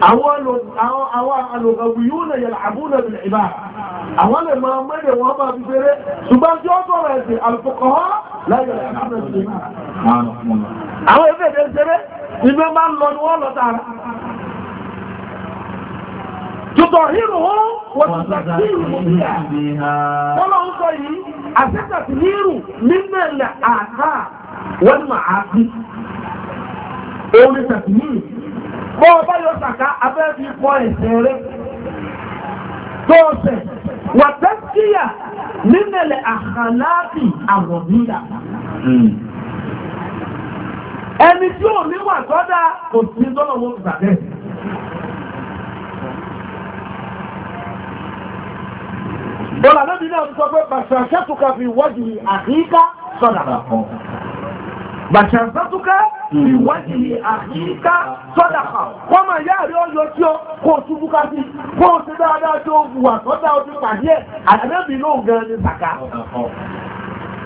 Àwọn alògàwù yóò lè yẹ̀lẹ̀ àbúrò lè ìbá. Àwọn lè máa mẹ́lẹ̀ wọn máa fi ṣeré. Ṣùgbọ́n tí ó sọ̀rọ̀ ẹ̀sìn àlùfọ̀kọ̀ láyé àbúrò lè ìbá. Àwọn ìfèdè ṣeré ìgbé bá ń lọ ní wọ́n lọ tààrà tutọ̀ hírò ó wọ́n ti sàkí ìrùmọ̀bíyà wọ́n lọ ń sọ yìí àṣẹ́sàtì hírù nílẹ̀ àtà wọ́n máa bí òun ni sàkí hírù bọ́ ọba yóò sàká abẹ́ fi pọ́ ẹ̀sẹ̀ rẹ̀ tóòsẹ̀ wàtẹ́síyà nílẹ̀ àkàláàfì àwọ̀bíyà hmm ẹni tí ò níwà sọ́dá kò sí tọ́lọ̀ wọn kò sàbẹ̀. Bọ́lá lóbi náà sọ pé bàṣà ṣẹ́tùkà fi wọ́dì àkíká sọ́dà kan. Bàṣà ṣẹ́tùkà fi wọ́dì àkíká sọ́dà kan. Wọ́n máa yá àrí ọyọ tí ó kó o túbú ká sí, kó o ti dáadáa tó wùwà sọ́dá ojú pàdé ẹ̀, àdébì náà gan ni bàkà.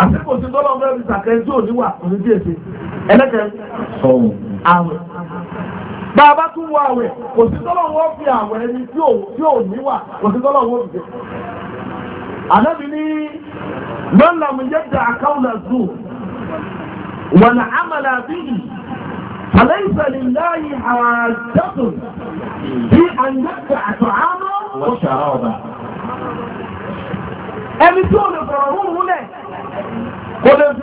àsìkò tí tọ́lọ́ fẹ́ fi sàkẹ́ tí ò níwà òní díẹ̀ sí ẹlẹ́kẹ́ sọ̀rọ̀ àwẹ̀ bá a bá tún wọ àwẹ̀ kò sí tọ́lọ́ wọ́n fi àwẹ̀ ẹni tí ò níwà kò sí tọ́lọ́ wọ́n fi ànábì ní lọ́la mi yẹ́ da àkáwùlà zu wà ní àmàlà bíi فليس لله حاجة في أن يدفع طعامه وشرابه ẹni tó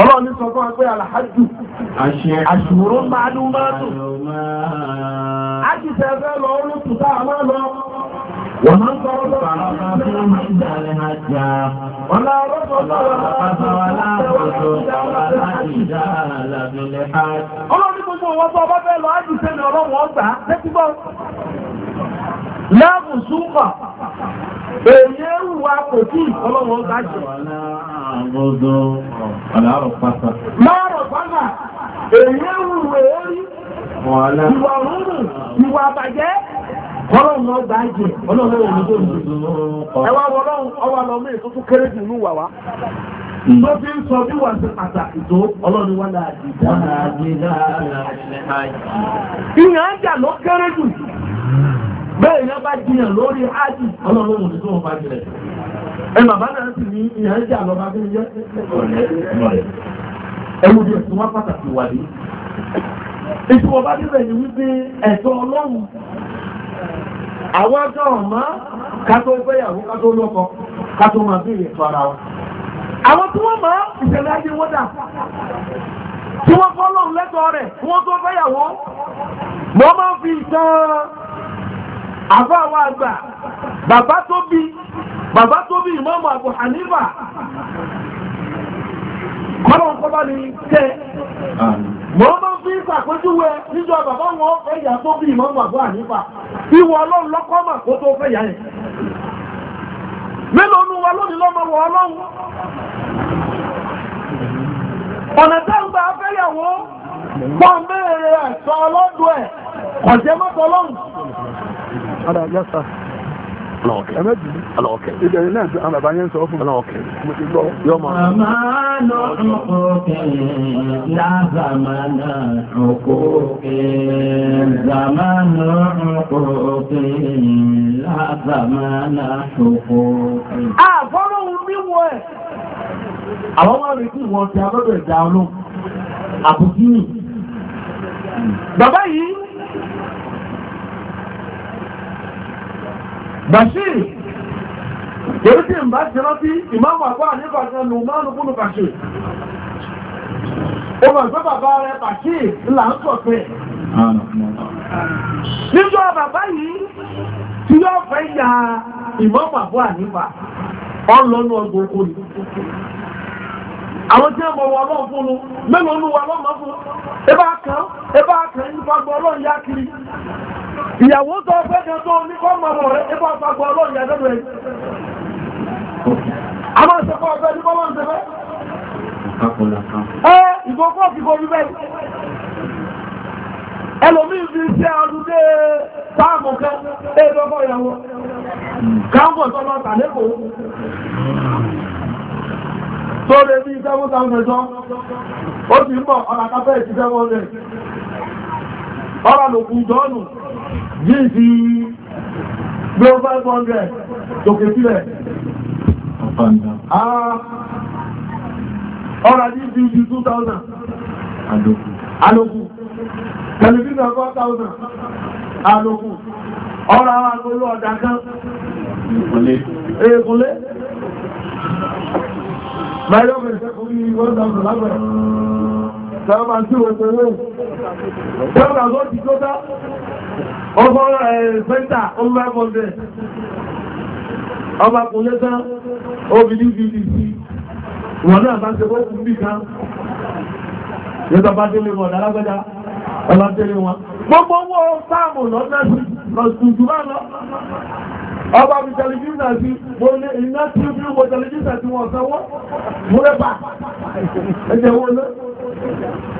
ọlọ́ni sọ fún ẹgbẹ́ alhajjú aṣòro máa ní mọ́tò a ti tẹ́fẹ́ lọ olóòtú táà máa lọ wọ́n máa ń sọ̀rọ̀ ọlọ́ni gbogbo wọn tó ọba fẹ́ lọ ájú sẹ́ni ọlọ́wọ́ ọgbà lẹ́tígbọ́ láàbùsúkọ̀ èyí ẹ̀rù wa kò tí ọlọ́wọ́ ọgbà jẹ́ àgbọ́dọ̀ ọ̀làrọ̀ pátá. Lọ́rọ̀ pátá, èyí ń wè é rí, ìwà rúrù, ìwà àbàjẹ́, ọlọ́run lọ gbà jẹ, ọlọ́run lọ fi ń sọ bí wà sí pàtàkì tó ọlọ́run wà láàdì dáadáa. Ìyàn ń jà ló kéré jù bẹ́ẹ̀ àwọn ọjọ́ ọ̀mọ́ ká tó gbéyàwó ká tó máa béèrè ẹ̀tọ́ ara wa. àwọn tí wọ́n máa ìṣẹ̀lẹ̀ ayé wọ́n dà tí wọ́n fọ́ lọ́run lẹ́tọ̀ọ́ rẹ̀ wọ́n tó gbéyàwó wọ́n máa fi ìtàn àbá àwọn àgbà bàbá tó bí bàbá tó bí ìmọ̀mù Abu Hanifa kọ́lọ̀ kọ́lọ̀ ni tẹ́ mọ́ bá fi ṣàpèjúwe níjọ bàbá wọn ẹ̀yà tó bí ìmọ̀mù ọlọ́run lọ́kọ́ mà kó tó fẹ́ yà yẹn mélòó nu wa lónìí lọ́mọ wọ ọlọ́run ọ̀nà afẹ́yàwó ọlọ́dún ẹ̀ kọ̀jẹ́ mọ́tọ́ ọlọ́run Ada yasa. Ọlọ́ọ̀kẹ́. Ẹ̀mẹ́jì. Ọlọ́ọ̀kẹ́. Ìbẹ̀rẹ̀ náà ti àbàbá yẹn sọ fún. Ọlọ́ọ̀kẹ́. Mo ti gbọ́. Yọ mọ. Màmá lọ ọkọ̀ọ̀kẹ́ lábàmánà ọkọ̀ọ̀kẹ́ lábàmánà ọkọ̀ọ̀kẹ́ lábàmánà ọkọ̀ọ̀kẹ́. Àbọ̀rọ̀ òun wíwọ ẹ̀. Àwọn máa retí ìwọ̀n ti abọ́dọ̀ ìjà olóhùn. Àbùkí Bàbá yìí bashir torí tí ń bá ti rántí ìmáàmù àgbà nípa ìrìnà ìmáàmù fún bashir ó mọ̀ ìgbé bàbá rẹ̀ bashir ńlá ń sọ pé níjọ́ bàbá yìí tí yóò fẹ́ ya ìmáàmù àgbà nípa ọlọ́nu ọgbọ̀n kò ní àwọn tí wọ́n wọ ọlọ́run fún un mẹ́lòó ló wọ ọlọ́run fún un ẹbá kan ẹbá kan nípa gbọ́ ọlọ́run yá kiri ìyàwó tó ọgbẹ́ kan tó oníkọ́mọ̀ rẹ̀ ẹgbẹ́ àpapọ̀ ọlọ́run yàtọ̀dọ̀ ẹ̀ a máa ṣe kọ́ ọgbẹ́ nípa máa ń ṣẹfẹ́ ẹ ìgbókọ́ ti borí bẹ́ẹ̀ ẹlòmíì fi ṣe ọdúndé táàmù kan ẹ̀ẹ́dọ́gbọ́ ìyàwó káàmù tó jíìsì gbé 500 tókè sílẹ̀ ọ̀rọ̀ jíìsì ju 2000 alókù tẹlifíṣàn 4000 alókù ọ̀rọ̀ àwọn agbóló ọ̀dá kan èkúnlé Báyọ̀ bẹ̀rẹ̀ sẹ́kùn ní 1000 lágbẹ̀rẹ̀ sáàmà sí ogun owó sáàmà ló ti tó dá ọgbọ́ ẹ̀ẹ́sẹ́ntà ọmọ ẹgbọ́ndẹ̀ ọba kò lẹ́ta obìnrin bìbì sí wọ́n náà bá ṣe fókùn bí kan yẹta bá délé wọn lálágbẹ́dá ọlá délé wọn gbogbo owó sáàmù lọ́nà sí lọ́sùn jù bá lọ ọba mi tẹlifíṣà sí mo ní iná tí ó bí mo tẹlifíṣà tí wọ́n sanwó mo rẹ̀ bá ẹ̀jẹ̀ wọn náà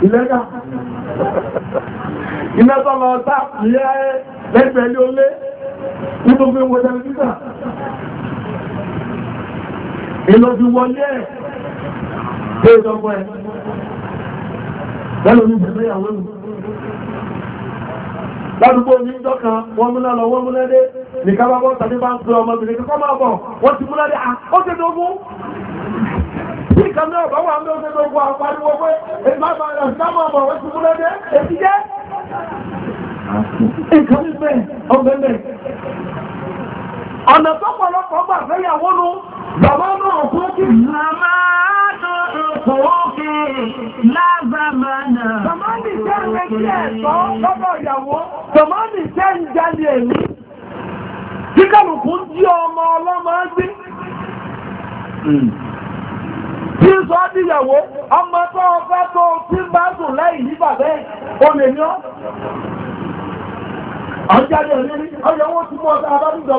ìlẹ́gà iná tọ́lọ ọ̀tá yẹ́ lẹ́gbẹ̀ẹ́ ilé olé nínú fi wọ tẹlifíṣà ìlò fi wọlé ẹ̀ pé ìjọpọ̀ ẹ̀ lẹ́nu ní ìjẹ́lẹ́ ìyàwó ìlú ládùúgbò ní ìjọ kan wọ́n múná lọ wọ́n múná dé nìkan bá bọ́ tàbí bá ń pè ọmọbìnrin kọ́kọ́ máa bọ̀ wọ́n ti múná tí kan náà bá wà ń lọ́sẹ̀ gbogbo àpariwo pé ẹgbà máa rẹ̀ sámọ̀ ọmọ rẹ̀ ti múlẹ̀ dé èsì jẹ́ ìkan ọ̀nà tó pọ̀lọpọ̀ gbà fẹ́yàwó nu bàbá náà kú kí màmá tó kò ókè lábàmánà bàmá ní jẹ́ ń jẹ́ ń kíkàlùkù ń jí ọmọ ọlọ́mọ ẹgbẹ́ tí ń sọ níyàwó ọmọ tó ọfẹ́ tó tí ń bá dùn lẹ́yìn ní bàbẹ́ olè ní ti gbé tó lọ́dọ̀ àwọn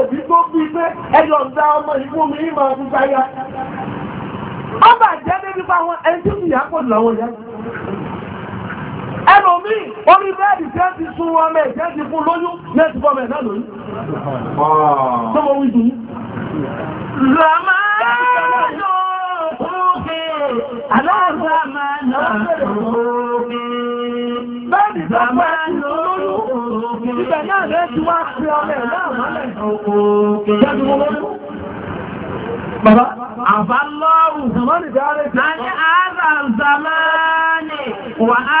òbí tó bí pé ẹyọ̀ ń da ọmọ ìfún mi ìmọ̀ ọdún sáyà ọba jẹ́ débi bá wọn ẹni tí ìyá lọ́wọ́ yẹn ẹlòmí orí bẹ́ẹ̀dì tẹ́ ti sún wọn mẹ́ tẹ́ ti fún lóyún mẹ́tì fọ́mẹ̀ náà lóyún tó mọ̀ wíjù Bẹ́ẹ̀ni tó pẹ́ ti lóyún, ìbẹ̀ náà rẹ̀ ti wá pé ọmọ ẹ̀ náà mọ́lẹ̀. Jẹ́ ti mọ́ lóyún. Bàbá, àbá lọ́rùn, àní àárà zàmánì wà á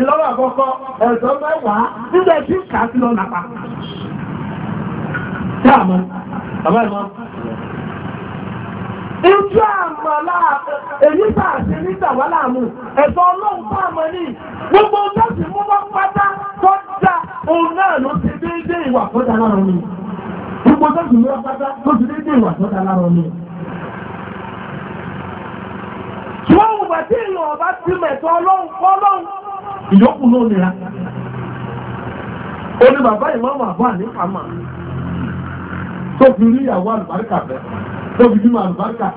ìlọ́wọ́ àkọ́kọ́ ẹ̀sọ́ mẹ́wàá nígbà tí kà á sí lọ nàpa. Táàmù, bàbá ìmọ̀. Ìjú àmà láàmù, èyí bá àṣẹ nígbà wà láàmù, ẹ̀sọ́ ọlọ́run táàmù ní gbogbo ọjọ́ sì mú wọ́n pátá tó dá òun náà ló ti déédéé ìwà tó dá lára mi. Gbogbo ọjọ́ sì mú wọ́n pátá tó ti déédéé ìwà tó dá lára mi. Wọ́n wùbà tí ìlú ọba ti mẹ̀tọ́ ọlọ́run fọ́lọ́run ìyókù ló nira ó ní bàbá ìmọ̀ọ́mọ̀ àbọ̀ àníkàmà tó fi rí ìyàwó àlùbáríkà bẹ́ẹ̀ tó fi bímọ àlùbáríkà.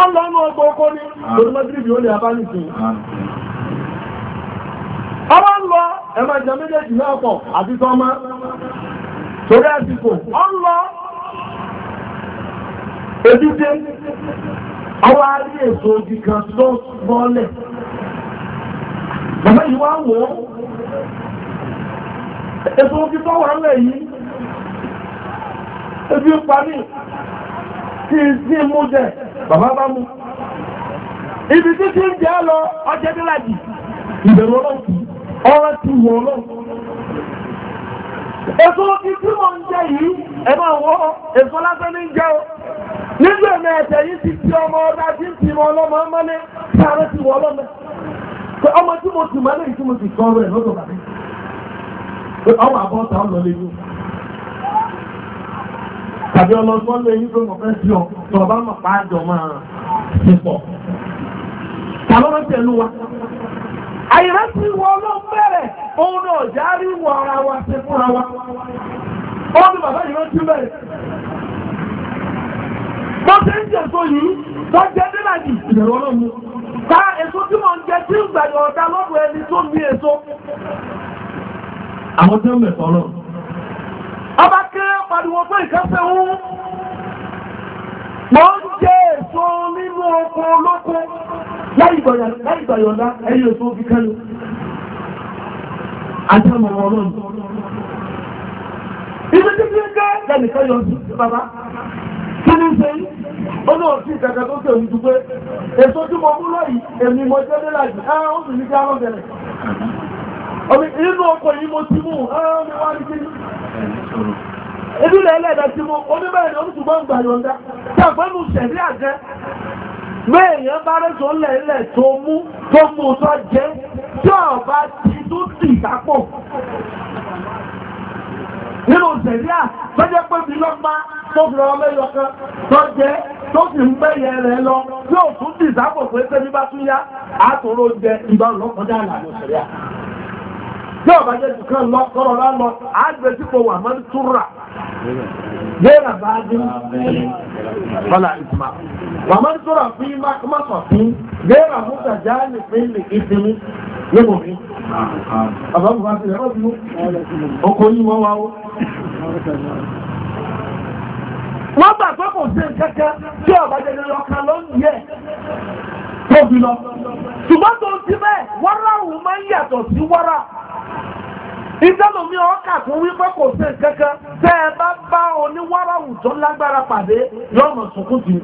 ọlọ́nu ọgbọ́ oko ní lórí mẹ́tírìbì ó lè abá nìkan ọmọ ń lọ ẹ̀mọ ìjà méjèèjì náà pọ̀ àti tọ́mọ torí àsìkò ọ ń lọ èdíje Àwọn arí èso ojú kan tó bọ́ọ̀lẹ̀. Bàbá yìí wá wò Èso ojú tó wà lẹ̀ yìí. Ebi ń parí. Tí sí mú jẹ, bàbá bá mú. Ibi tí tí ń jẹ́ lọ, ọjẹ́ níláàjì. Ìbẹ̀rù ọlọ́run. ti wọ̀ ọlọ́run. Èso ojú tí mo ń jẹ yìí, ẹ̀mọ̀ wọ́ èso lásán ní ń jẹ́ o. nígbà mẹ́ẹ̀tẹ̀ yìí ti fi ọmọ ọdá tí ń fi ọlọ́mọ mọ́lẹ́ sáré ti wọ ọlọ́mọ pé ọmọ tí mo tí mo lọ́dọ̀ pé ọmọ ọlọ́ tàbí fẹ́ sí ọ mọ̀ pa àjọ máa ti pọ̀ tàbí wa wọ bẹ̀rẹ̀ òun èso yìí tó jẹ́ nílàjì ìbẹ̀rù ọlọ́run ká èso tí mo ń jẹ tí ìgbàgbọ́ ọ̀dá lọ́dọ̀ ẹni tó ní èso àwọn tí ó mẹ̀tọ́ ọlọ́run ọba kéré pariwo pé ìkẹ́fẹ́ ń mọ́ ń jẹ èso nínú oko olóko láìgbàyọ̀dá ẹ̀yí èso fi kẹ́lu kí ń ṣe yìí ó náà sí ìkẹta tó tẹ̀ ojú pé èso tí mo mú lọ́yìí èmi mo jẹ́ nílà jù á ó sì ní kí á lọ bẹ̀rẹ̀ omi inú ọkọ̀ yìí mo ti mú á mi wá ní kíní ebi lẹ́ lẹ́ẹ̀dá ti mú oníbẹ̀rẹ̀ ni oṣù gbọ́n gbà yọ̀ǹda tí àpẹnu ṣẹ̀rí àjẹ́ bí èèyàn bá rẹ̀ tó lẹ̀ lẹ̀ tó mú tó mú tó jẹ́ nínú ìṣẹ̀lẹ̀ tó jẹ́ pé mi lọ bá tó fi ọmọ ẹyọ kan tó jẹ́ tó sì ń gbẹ́yẹ rẹ̀ lọ yóò tún dìsáàbò pé tẹ́bí bá tún yá àtòrò jẹ ìgbà ọlọ́kọjá àlànà ìṣẹ̀lẹ̀ tí ọba jẹ́ nìkan lọ kọ́rọ̀ lọ́lọ́ àgbẹ̀ tí kò wà mọ́ ní túnra léèrà bá dín kọ́là ìtumà wà mọ́ ní túnra fún yín má sọ̀ fún léèrà mú tàjá lè fi lè ìdí mi ní mò mí. bàbá mi bá ti rẹ̀ ọ́bí ọkọ̀ yìí wọ́n wá ó. wọ́n gbà pé kò sí kẹ́kẹ́ tí ọba jẹ́ nìkan lọ́nìí yẹ tóbi lọ ṣùgbọ́n tó ti bẹ́ẹ̀ wárá òun máa ń yàtọ̀ sí wárá ìdánù mi ọkà tó wípé kò sí kankan tẹ́ ẹ bá bá oníwárá òjò lágbára pàdé yọ̀ọ̀nà sùkúndì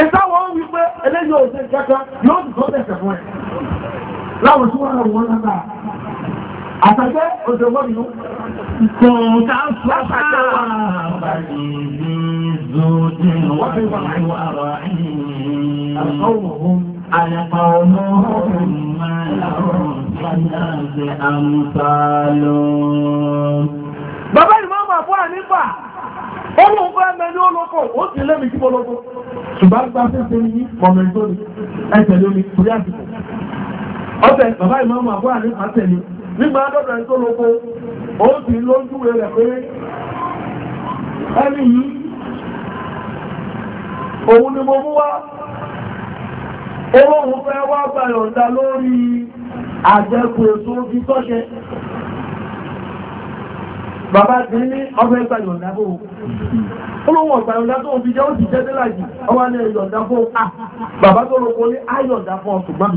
ìsáwọ̀ ń wípé eléyìí òjò kankan yóò dùn tó bẹ̀ẹ̀ tẹ̀fọ́ ẹ̀ láwọn tí wọ́n rà wọ́n lágbára Àtàkẹ́ òṣèwọ́nù kò káfà Bàbá ìmọ́mà fún ànífà, ó mú fẹ́ mẹ́lú olóko, ó sì lẹ́mì kí olóko. Ṣùgbọ́n gbá fẹ́ fẹ́ ní ọmọ ìjọ́ ni, ẹ̀tẹ̀lómi, torí àsìkò. Ọ̀tẹ̀ bàbá ìmọ́mà fún ànífà tẹ̀lé, nígbà àdọ́bẹ̀ tó lóko ó sì lójúwé rẹ̀ pé ẹni yìí òun ni mo mú wá owó òun fẹ́ wá gbàyọ̀ǹda lórí àjẹ́kù èso fi tọ́ṣẹ bàbá ti ní ọgbẹ́ gbàyọ̀ǹda bó olóhùn ọ̀gbàyọ̀ǹda tó ń fi jẹ́ ó sì jẹ́ délàjì ọwá ní ẹ̀yọ̀ǹda fún ah, bàbá tó lóko ní ayọ̀ǹda fún ọ̀tùgbọ́n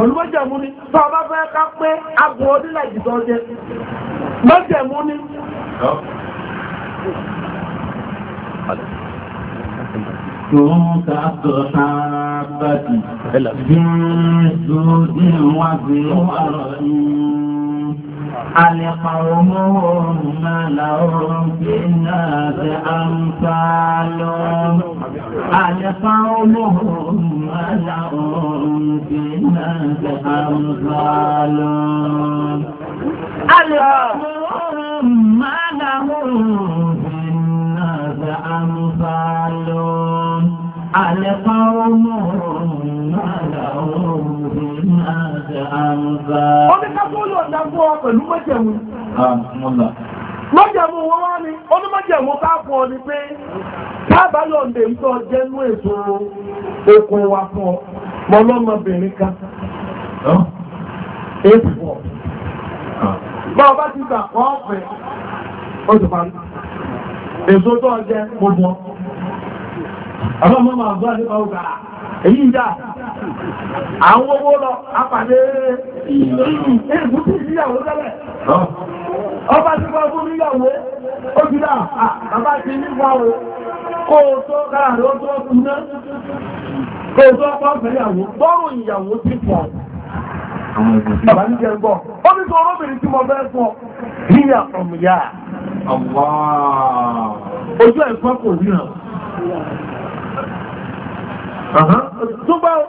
olùmọ́jẹ̀mú ni tó ọba fẹ́ ká pé agbó onílẹ̀ ìdìtọ́ jẹ́ mọ́jẹ̀mú ni Thank you. كالصحابة جسود وزرار القوم هم لهم في الناس أمثال القوم هم لهم في الناس أمثال القوم هم لهم في الناس أمثال Mọ́jẹ̀mú ah, wọn wá ní, ó ní mọ́jẹ̀mú káàkùn ọ ni pé, tábà yọ̀ǹdè ń tọ́ jẹ́nú èso okun wa fún ọ, mọ́ lọ́mọbìnrin kan. Èsì pọ̀. Bọ́ ọba ti gbà kọ́ ọ̀pẹ̀, ó ti parí. Èso tó ọjẹ́ gbogbo àwọn ọmọ máa gbọ́ nípa ọgbà èyí ń dà àwọn owó lọ apàdé ìlú tí ìyàwó tẹ́lẹ̀ ọba tí wọ́n fún níyàwó ó ti dà bàbá ti nípa o kó o tó kára rẹ̀ ó tó kúná kó o tó pọ́ fẹ́yàwó bọ́rùn ìyàwó ti pọ̀ Bàbá ní jẹ́ gbọ́. Ó ní sọ ọlọ́bìnrin tí mo Túbọ̀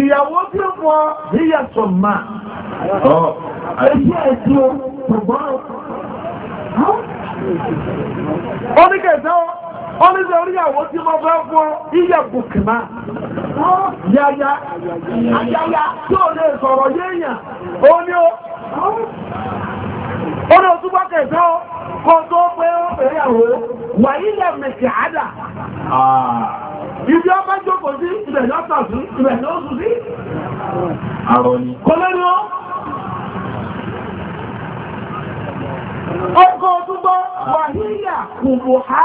ìyàwó tí ó mọ́ níyàtọ̀ máa. Èyí ó, oríyàwó tí mọ́ fẹ́ fún ìyà bùkìmá. Yáyá, ayáyá tí lè sọ̀rọ̀ yéèyàn, ó ní ó. Ó ní ó, kọ́ tó pé ó fẹ́ yàwó, wà ilẹ̀ ibi ọba jókòó sí ibẹ̀ ló tà sí ibẹ̀ ló sùn sí àrọ̀ ni kò lẹ́nu ó ọkọ̀ ọdún gbọ́ wà níyà kùbù ha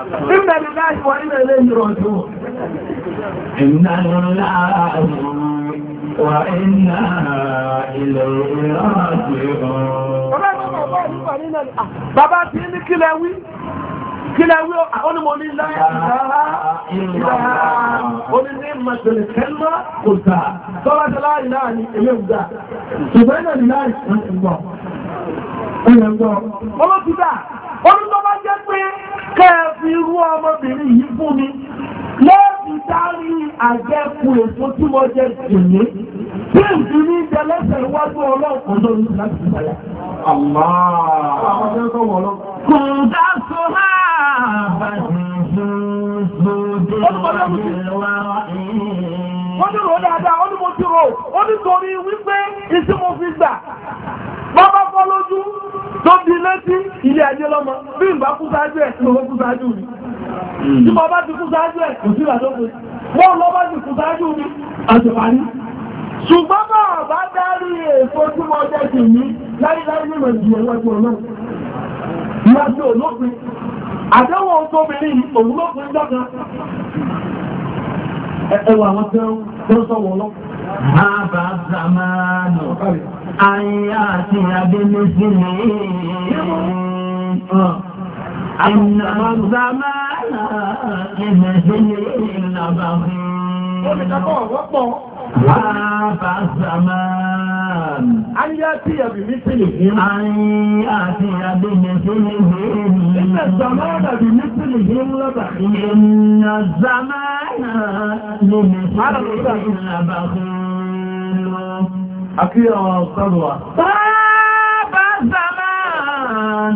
إن لله وإن إليه راجعون إن لله وإنا إليه راجعون Bàbá ah, tí ní kílẹ̀ wí, kílẹ̀ wí onímọ̀ ah, ní láyé ìdára ìdára oní ní màtàlẹ̀ kò Olókìdá, olùtọ́ bá jẹ́ pé kẹ́ẹ̀fì irú ọmọbìnrin yìí fún mi, lẹ́ẹ̀fì dárí àjẹ́kù èso tí wọ́n jẹ́ jìnní, tí ìdí ní ìjẹlẹ́sẹ̀ iwájú ọlọ́ọ̀kan lórí láti ìgbàlẹ̀ bọ́bá fọ́ lójú tó bí létí ilé ayé lọ́mọ bí ìgbà kú sáájú ẹ̀ tí owó kú sáájú rí hmm. tí bọ́bá ti kú sáájú ẹ̀ kò sí ìrànlọ́pọ̀ wọ́n lọ́bá ti kú sáájú rí àṣẹ̀parí ṣùgbọ́n bá bá dárí èso tí wọ́n jẹ́ sí ní láyíláyí nínú ìdí ẹ̀wọ́ ẹ̀kọ́ náà ìyá sí olópin àdéhùn ohun tó bìnrin òun lópin jọ́kan ẹ̀wọ̀ àwọn tẹ́rún tó sọ̀wọ́ lọ́pọ̀ ayé àti abẹ́lé sí mi. Àìnàmọ́sámá ìmẹ̀sílẹ̀ ìlàbàmí. Bàbá sàmá. Ayé àti àbí mísìlì ní. Ayé àti àbí mísìlì ní. Ìgbà sàmá àbí mísìlì ní lọ́bà. Ìnà sàmá ní mísìlì ìlàbàmí àti àwọn ọ̀sọ́lùwà. Bàbá sàmà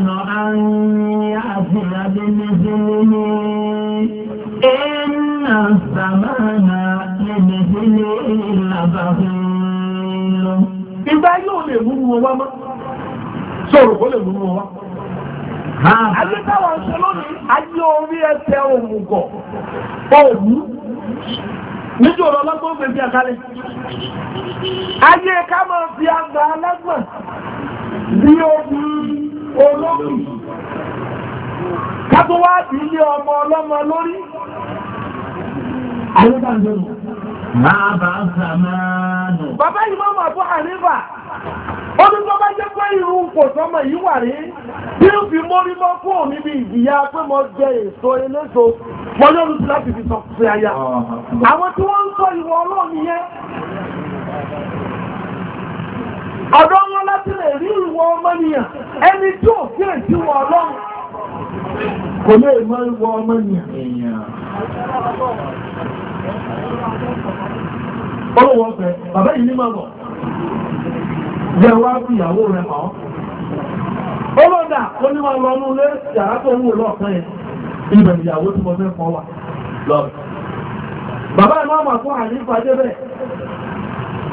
nà àárín àfihàbí mẹ́sílẹ̀ Inna samana lè mẹ́sílẹ̀ ìlàbàfẹ́ lọ. Ìgbà yóò lè mú wọn wá mọ́. Sọ̀rọ̀ kó lè mú wọn wá. Ayé táwọn ṣe lónìí, ayé orí ẹsẹ̀ òmùgọ̀, òmù, n'iji ọ̀rọ̀ ọlọ́gbọ́n fẹ́ bí àkálẹ̀. ayé ká mọ̀ fi àgbà alágbọ̀n bí omi olómi ká tó wá bí ọmọ ọlọ́mọ lórí Bàbá Ìmáàmù Abu Hanifa, ó ní tó bá jẹ́ pé irú kò sọ́mọ̀ yìí wà rí, tí ó fi mórí mọ́ kúrò níbi ìjìyà pé mo jẹ èso eléso, mo yọ́rù sí láti fi sọ sí aya. Àwọn tí wọ́n ń sọ ìwọ ọlọ́ọ̀ni yẹn, ọ̀dọ́ wọn láti lè rí ìwọ ọmọnìyàn, ẹni tí ò sí èsì wọ ọlọ́run, kò lè mọ ìwọ ọmọnìyàn. ọlọ́wọ́ ọ̀fẹ́ bàbá yìí ní máa bọ̀ jẹ́ wá fún ìyàwó rẹ̀ mọ́ ọlọ́dà ó ní máa lọ ní yàrá tó wù lọ́ọ̀kan yẹn ibẹ̀ ìyàwó tí mo fẹ́ fọ́ wà lọ bàbá ìmọ̀ àmà fún àlífà débẹ̀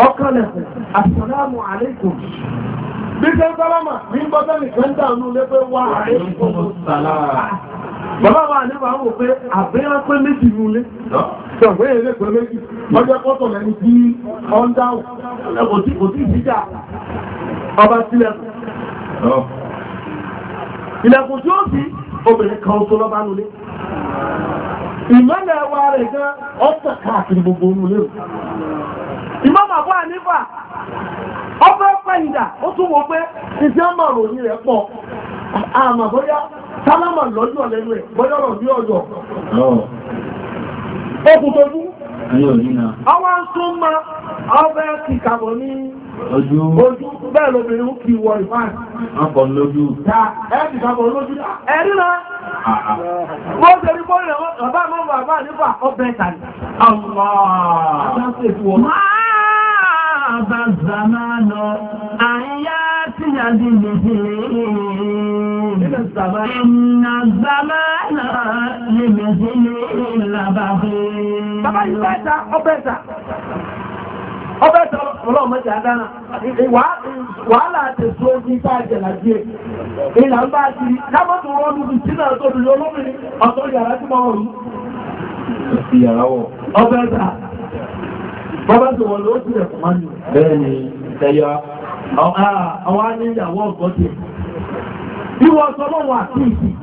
ọkànlẹ̀kùn àsàlámù àlékùn Bàbá wa ní wàá wò pé àbẹ́yà pé méjì ní ilé. Ṣọ̀gbẹ́ yẹn lè pé méjì. Ọjọ́ pọ́tọ̀ lẹ́nu tí ọ́n dáhùn. Kò sí ìdíjà. Ọba sílẹ̀kùn. Ilẹ̀kùn tí ó sì obìnrin kan tó lọ́bá nulé. Ìmọ́lẹ̀ wa rẹ̀ gan ọ́tọ̀ káàkiri gbogbo nulé. Ìmọ́mà bọ́ ànífà, ọ fẹ́ fẹ́ ìdà, ó tún wo pé ìṣẹ́ rẹ̀ pọ̀ àmà bóyá sálámà lọ́jọ́ lẹ́nu ẹ̀ bóyá ọ̀rọ̀ ní ọjọ́ okùn tó dún àwọn tó ma ọbẹ̀ ti kàbọ̀ ní ojú bẹ́ẹ̀ lóbìnrin ó kí wọ ìfáàn ọkọ̀ lójú ẹ̀ẹ́dì kàbọ̀ lójú ẹ̀rí náà wọ́n tẹ́ rí ah, ah. bọ́ọ̀rẹ̀ ọ̀bá mọ́ bàbá nípa ọbẹ̀ tàbí àwọn àjọ́ ذهب الزمان أن يأتي بمثله إن الزمان لمثله لبخيل Bàbá yìí bẹ́ẹ̀ta, ọbẹ̀ta, ọbẹ̀ta ọlọ́mọdé àdáná, wàhálà àtẹ̀sù ojú ipá àjẹ̀lájẹ́, ìlà ń bá ti rí, lábọ́tò wọ́n dúdú sínú àtọ́dù lọ́lọ́mìnrin, ọ̀tọ́ yàrá tí wọ́n rí bọ́bá tó wọ́n ló jùlẹ̀ kò máa nù bẹ́ẹ̀ ni ìtẹ́yà àwọn ah, àníyàwó ọ̀gọ́tẹ̀ bí wọ́n sọ wọn àti ìsìn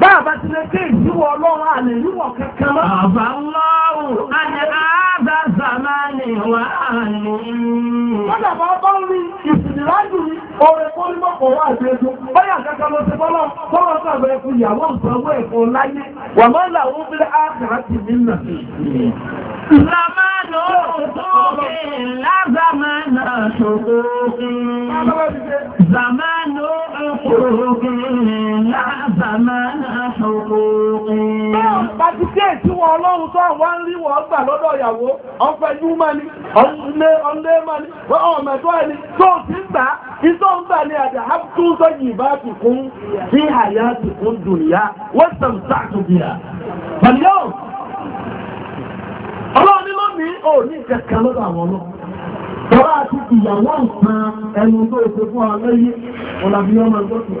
Bàbá ti lè ké ìdíwọ̀ ọlọ́run àlè yíwọ̀ kankan mọ́. Bàbá lọ́rùn àti àádá zàmánì wà ní. Wọ́n dàbọ̀ ọbọ̀ ń rí ìsìnlájú oore kó ní mọ́kọ̀ wà Báyà kankan lọ sí ìyàwó ẹ̀kọ́ láyé. Wà má bí àgbà ti mí nà. Bàtí tí èsí wọn ọlọ́run tó wá ń rí wọn gbà lọ́dọ̀ ìyàwó, ọ̀fẹ́ yú máa ní, ọ̀lẹ́ máa ní, ọmọ ẹ̀tọ́ ẹni tó ti ń gbà, ìtọ́ ń gbà ní àjà ápùtún tó yìí bá ti kún sí àyà ti kún dùnìyà, wọ́n sàm sáàtù bí i. Bàlíọ́, ọlọ́run ní lónìí, ò ní ìkẹ́kẹ́ lọ́dọ̀ àwọn ọlọ́run. Tọ́lá àti ìyàwó ìpàn ẹnu tó ṣe fún ọlọ́yé, ọ̀làbíyọ́ máa gbọ́sùn.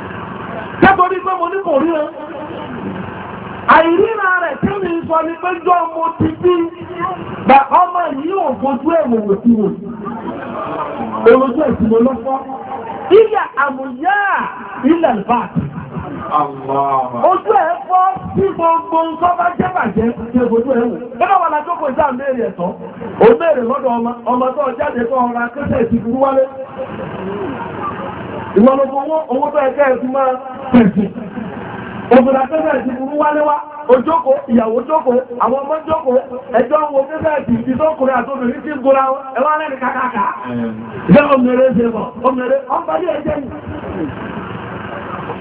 Tẹ́torí pé mo ní kò ríran. Àìríra rẹ̀ tí mi sọ ni pé jọ mo ti bí bàbá ọmọ yìí ò fojú ẹ̀wò wò sí wò. Èròjú ìsinmi lọ́fọ́. Ìyà àmúyá ilẹ̀ ìbáàkì. Ojú ẹ̀ fọ́ sí gbogbo nǹkan bá jẹ́ bàjẹ́ tí ojú ẹ̀ wò. Bẹ́ẹ̀ wà lájókòó ìjà ń béèrè ẹ̀tọ́. Ó béèrè lọ́dọ̀ ọmọ ọmọ tó jáde tó ọ̀rọ̀ akẹ́kẹ́ ìsìnkú wálé. Ìwọ̀n gbogbo owó tó ẹ̀kẹ́ ẹ̀sìn máa pèsè òbúra pẹ́fẹ́ ti burú wáléwá ojókòó ìyàwó jókòó àwọn ọmọ jókòó ẹjọ́ wo pẹ́fẹ́ ti fi tókùnrin àtòbìnrin tí ń gora ẹwà rẹ̀ kàkàkà jẹ́ ọmọdé ṣe bọ̀ ọmọdé ọmọdé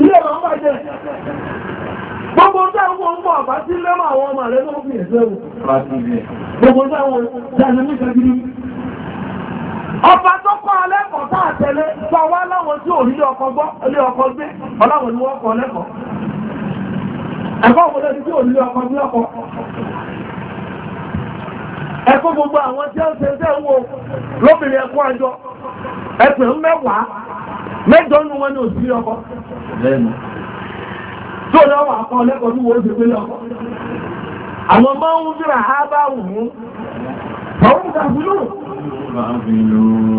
ilé ọmọdé gbogbo ọjọ́ sí lẹ́mọ̀ àwọn ọmọ rẹ̀ fi ọba tó kọ́ alẹ́kọ̀ọ́ tá a tẹ̀lé sọ wá láwọn tí ò nílé ọkọ̀ gbọ́ gbé ọláwọn ni wọ́n kọ́ lẹ́kọ̀ọ́ ẹ̀kọ́ ni tí ò nílé ọkọ̀ gbé ọkọ̀ ẹ̀kọ́ gbogbo àwọn tí ó ṣe ń wo lóbìnrin ẹ̀kọ́ àjọ mẹ́wàá mẹ́jọ wọn ni ò sí ọkọ̀ lẹ́kọ̀ọ́ tí wọ́n lọ́kọ̀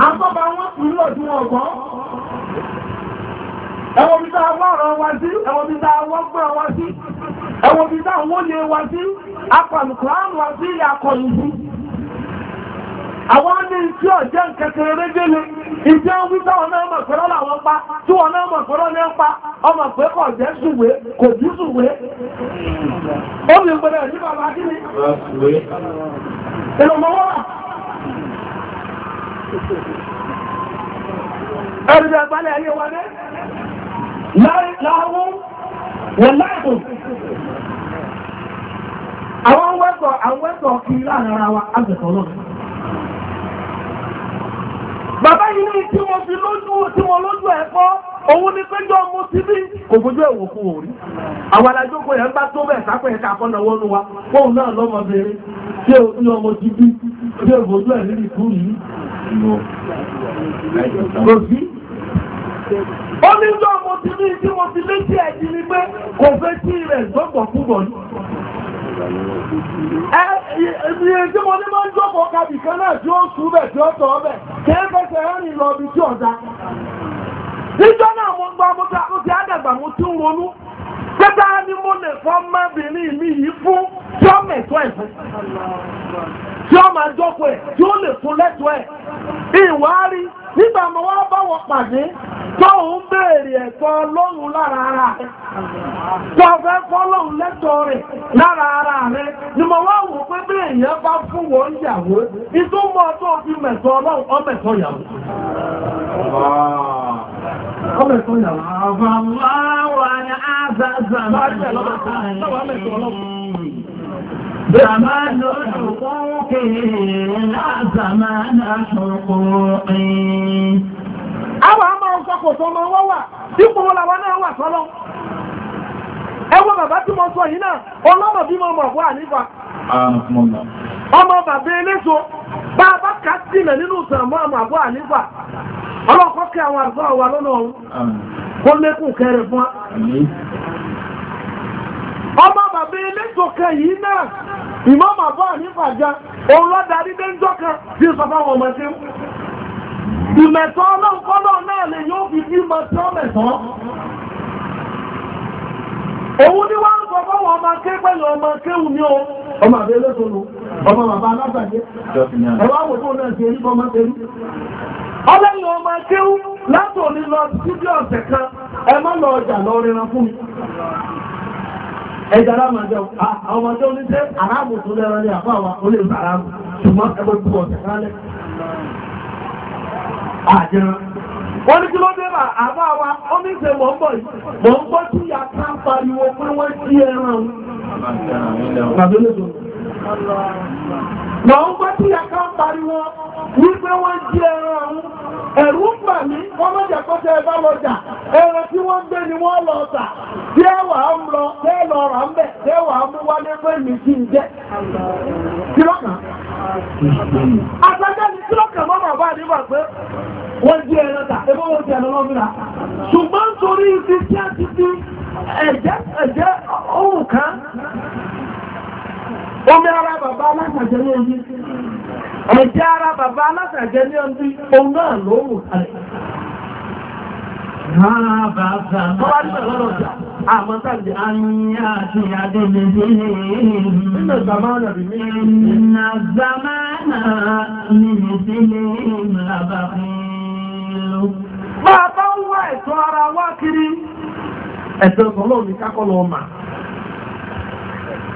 Àtọ́bà wọn kù ní ọdún ọgbọ́n. Ẹwọ bí tá wọ́n ọ̀rọ̀ wa sí, ẹwọ bí tá wọ́n gbọ́ wa sí, ẹwọ bí tá wọ́n lè wa sí, apàlùkùnrán wa sí ilẹ̀ akọ̀lù Àwọn ní tí régélé, wí náà mọ̀ làwọn pa, tí wọn náà mọ̀ ní pa, ọmọ kọ̀ jẹ́ kò ẹ̀rù ìgbàlẹ̀ ayé wa rẹ̀ na wọ́n láàrún àwọn wẹ́kọ̀ọ́ kí ara wa agbẹ̀kọ̀ọ́ bàbá yìí ní tí mo fi lójú tí mo lójú ẹ̀ kọ́ òun ni péjọ mo ti bí kò fojú ẹ̀wò fún òun rí àwọn alájókòó yẹn bá tó bẹ́ẹ̀ sápẹ́ ẹ̀ka àfọ́nàwọ́ nu wa fóun náà lọ́mọbìnrin tí o ní ọmọ ti bí tí o fojú ẹ̀ níbi fún yìí kò sí. ó ní lọ́mọ ti bí tí mo ti lé sí ẹ̀jì ni pé kò fẹ́ tí rẹ̀ gbọ́gbọ̀ fún bọ̀ Ẹbí tí mo ní máa ń jókòó kàbì kan náà tí ó sú bẹ̀ tí ó tọ̀ ọbẹ̀, kí ẹ fẹsẹ̀ rìn lọ bí tí ọ̀dá. náà mo mo ti àdàgbà mo tún ronú. ni mo lè fọ́ mi yìí fún tí ó máa jọ́pọ̀ ẹ̀ tí ó lè fún lẹ́tọ̀ọ́ ẹ̀ ìwárí nígbà mọ́ wá bá wọn pàdé tó ń béèrè ẹ̀tọ́ lọ́rùn lára ara rẹ̀ tó fẹ́ fọ́lọ́run lẹ́tọ̀ọ́ rẹ̀ lára ara rẹ̀ ni mo wá wò pé bí èèyàn bá fún wọn ìyàwó ìtúmọ̀ tó fi mẹ̀tọ́ ọlọ́run ọmẹ̀tọ́ ìyàwó ọmẹ̀tọ́ ìyàwó àbàmọ́ wà ní àzàzà زمان الحقوق لا زمان حقوق àwọn àmọ́ ọ̀sọ́kòtò ọmọ wọ́n wà dípò wọn làwọn náà ẹwọ́n bàbá tí mo sọ yìí náà bí mo mọ̀ ọmọ bàbá eléso bá a bá ká nínú ọlọ́kọ́ kí àwọn àgbà wà lọ́nà ọ̀hún kó lékùn kẹrẹ fún bàbá elétò kan yìí náà ìmọ́mà bọ́ ànífàjá òun lọ darí déńjọ́ kan tí ọmọ tí ìmẹ̀tọ́ ọlọ́nkọ́lọ́ náà lè yóò fi bí mọ tí ó mẹ̀tọ́ òun ní wọ́n ń sọ fáwọn ọmọ ké pẹ̀lú ọmọ kéwù ní o ọmọ àbẹ́ ọmọ bàbá alágbàdé ọlẹ́yìn ọmọ kéwù lọ sí bí ọ̀sẹ̀ kan ẹ má lọ ọjà lọ fún mi ẹjára máa jẹun àwọn ọmọdé oníṣẹ́ aráàbò tó lẹ́rọ ní àpá àwọn olè ìsàráàbò ṣùgbọ́n ẹgbẹ́ tó ọ̀tẹ̀ kálẹ̀ àjẹran wọ́n ní kí ló dé bá àbá wa ó ní ṣe mọ̀ ń bọ̀ yìí mọ̀ ń gbọ́ tí ìyá ká ń pariwo pé wọ́n sí ẹran mọ̀ ń gbọ́ tí ìyá ká ń pariwo wípé wọ́n jí ẹran ọ̀hún ẹ̀rù ń bà mí wọ́n lọ́jà ẹran tí wọ́n gbé ni wọ́n lọ ọ̀tà tí ń lọ ń bẹ̀ pé mi kí n jẹ́ ni mọ́ bàbá pé wọ́n jí ẹran tà wọ́n ti ẹran lọ́mìnà ṣùgbọ́n ibi tí a ti fi ẹ̀jẹ̀ ẹ̀jẹ̀ kan omi ara bàbá ẹ̀jẹ̀ ara bàbá alásàjẹ́ ní ọdún òun náà ló kalẹ̀. Ah, ní Bá ń wá ẹ̀tọ́ ara wá kiri, ẹ̀tọ́ ọ̀pọ̀lọ́ mi kákọ́lọ ma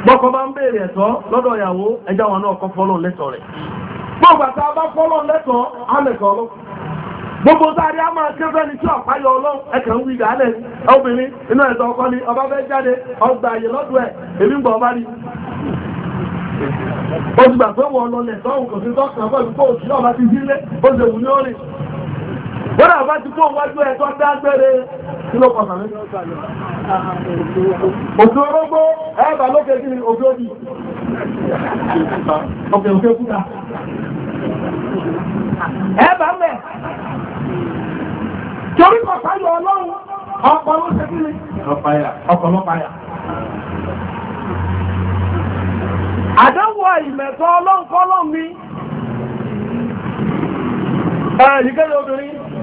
Bọ́kọ bá ń béèrè ẹ̀tọ́ lọ́dọ̀ ìyàwó ẹjá wọn náà kọ́ lẹ́tọ̀ rẹ̀. gbogbo àti abáfọ́lọ́ lẹ́kọ̀ọ́ alẹ́kọ̀ọ́ gbogbo sáré a máa ké fẹ́ni tí ọ̀páyọ ọlọ́run ẹ̀kẹ́ ń wí ìdálẹ̀ obìnrin inú ẹ̀sọ́ ọkọ ni ọba fẹ́ jáde ọgbà lọ́dún ẹ̀ èmi ń bọ̀ ọba ti gbà pé lọ lẹ̀ sọ́hùn kò sí kó ti ó ṣe wù ní wọ́n dà bá ti kó wájú ẹ̀ tó dágbére kí ló kọ̀ọ̀sán ní òtù orógbó ẹ̀ẹ́bà lókè kí ni òtù òbí ọ̀pẹ̀ òkè kúta ẹ̀ẹ́bà mẹ́ torí kọ̀ọ̀sáyọ̀ ọlọ́run ọ̀pọ̀ ló ṣe kí ni ọ̀pọ̀ ló payà àdánwò ìmẹ̀tọ́ ọlọ́run kọ́ lọ́ mi ẹ̀ẹ́dìkẹ́lẹ́ obìnrin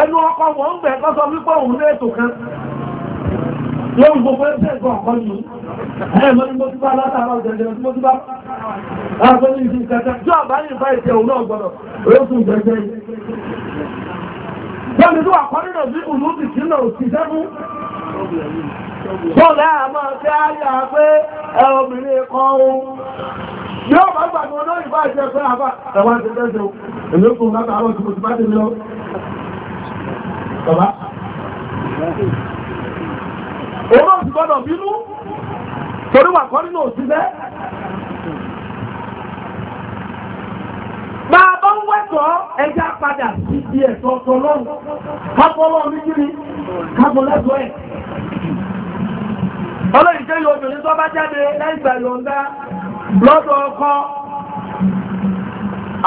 ẹnu ọkọ̀ wọ́n ń bẹ̀ kọ́sọ wípé òun ní ètò kan lóun gbogbo ẹgbẹ́ ẹ̀kọ́ ọ̀kọ́ yìí ẹ̀mọ́ ni mo ti bá látara ọ̀jẹ̀jẹ̀ tí mo ti bá àgbẹ̀ ní ìdí ìkẹta tí ọ̀bá yìí bá ìṣẹ̀ òun náà gbọ́dọ̀ orókùn jẹjẹ yìí lónìí tó wà kọ́ nínú sí ìlú ti sí náà òsì sẹ́fún tó lẹ́ àmọ́ tí a yà pé ẹ obìnrin kan ohun yóò bá gbàgbọ́ náà ìbá ìṣẹ́ pé àbá ẹ̀wà ti tẹ́sẹ̀ òun èlé kùn látara ọ̀jẹ̀ bàbá òun náà sì gbọ́dọ̀ bínú torí wà kọ́ nínú òṣìṣẹ́ máa bá ń wẹ́tọ̀ ẹja padà sí ibi ẹ̀tọ́ tọlọ́run kápọ́lọ́ oníkiri kápọ́lẹ́tọ̀ ẹ̀ ọlọ́yìn jẹ́ yóò obìnrin tó bá jáde lẹ́yìn ìgbà yọ̀ǹda lọ́dọ̀ ọkọ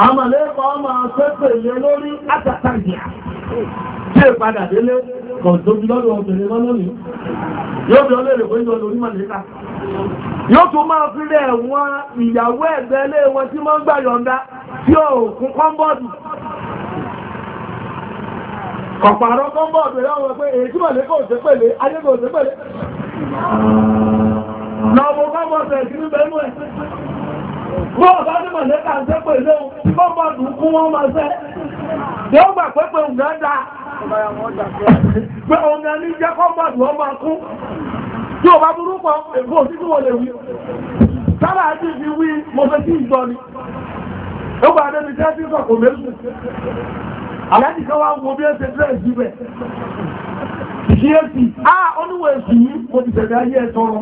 àmàlẹ́kọ̀ọ́ máa fẹ́ pèlè lórí àtàtàgìyà tí è padà délé kọ̀ọ̀tọ́bí lọ́dọ̀ ọ̀bẹ̀rẹ̀ lọ́lọ́lì yóò bí ọlẹ́rẹ̀ pé ìjọ lórí màlẹ́ta yóò tún máa fi rẹ̀ wọn ìyàwó ẹ̀gbẹ́ ilé wọn tí wọ́n gbà yọ̀ǹda tí ó kún kọ́mbọ́ọ̀dù ọ̀pàrọ̀ kọ́mbọ́ọ̀dù rẹ̀ wọ́n pé èyí tí màlẹ́kọ̀ ò sépèlé ayégbò sépèlé lọ́wọ́ kọ́mbọ́ọ̀dù ẹ̀ sí ní bẹ́ẹ̀ mú ẹ̀ wọ́n gbà pé pé òǹgá dá pé òǹgá ní jẹ́ kọ́mọ̀dù wọ́n máa kú tí ò bá burú pọ̀ èkó sí tí wọ́n lè wí sára àti fi wí mo fẹ́ sí ìjọ ni ó gbà débi tẹ́ sí sọ̀kò méjì aláàdì kan wá wo bí ẹ ṣe fẹ́ ìjú bẹ̀ ìṣíyẹ́sì oníwò èsì yìí mo ti tẹ̀lé ayé ẹ̀tọ́rọ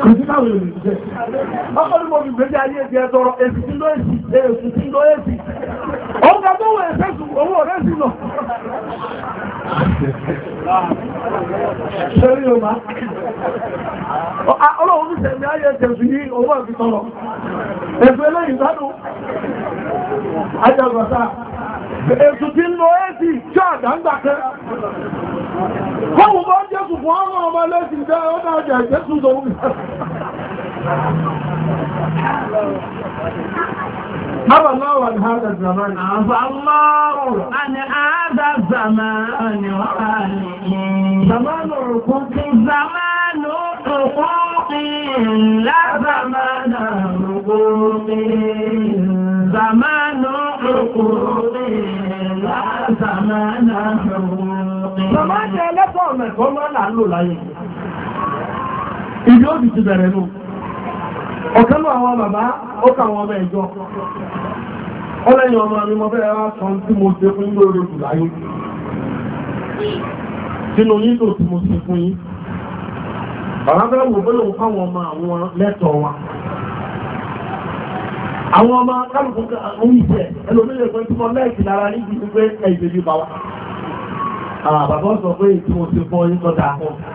kìrìtíkàwò èrìṣẹ́ ọkọ̀lù mo ti tẹ̀lé ayé ẹ̀tọ́rọ èsì tí ló èsì èsì tí ló èsì òun kà tó wọ Ṣorí o máa. Ah, Ọlọ́run ní ayé ẹ̀tẹ̀sù yí owó ẹ̀fì tọrọ. lẹ́yìn sánú. Ajẹ́gbọ̀sá. Èsù ti ń lo kẹ́. fún ọmọ ọmọ lẹ́sìn jẹ́ ọdá ọjà عفى الله عن هذا الزمان عفى الله عن هذا الزمان وآله زمان الركوب زمان الركوب لا زمان الركوب زمان الركوب لا زمان الركوب زمان ẹlẹ́fọ́ ọmọ ẹ̀kọ́ mọ́ là ń lò láyé ìjọ́ òbí ti bẹ̀rẹ̀ nù ọ̀kánú àwọn bàbá ó kà wọn ọmọ ẹ̀jọ́ ọlẹ́yìn ọmọ mi mọ́ fẹ́ wá kan tí mo ṣe fún lórí oṣù láyé sínú nílò tí mo ṣe fún yín bàbá bẹ́ẹ̀ wò bẹ́ẹ̀ lòun fáwọn ọmọ àwọn lẹ́tọ̀ọ́ wa àwọn ọmọ kálukú ń jẹ ẹlòmílẹ̀ pé tí mo lẹ́ẹ̀kì lára níbi pé ẹ̀jẹ̀ bí bá wa bàbá sọ pé tí mo ṣe fún yín lọ́dà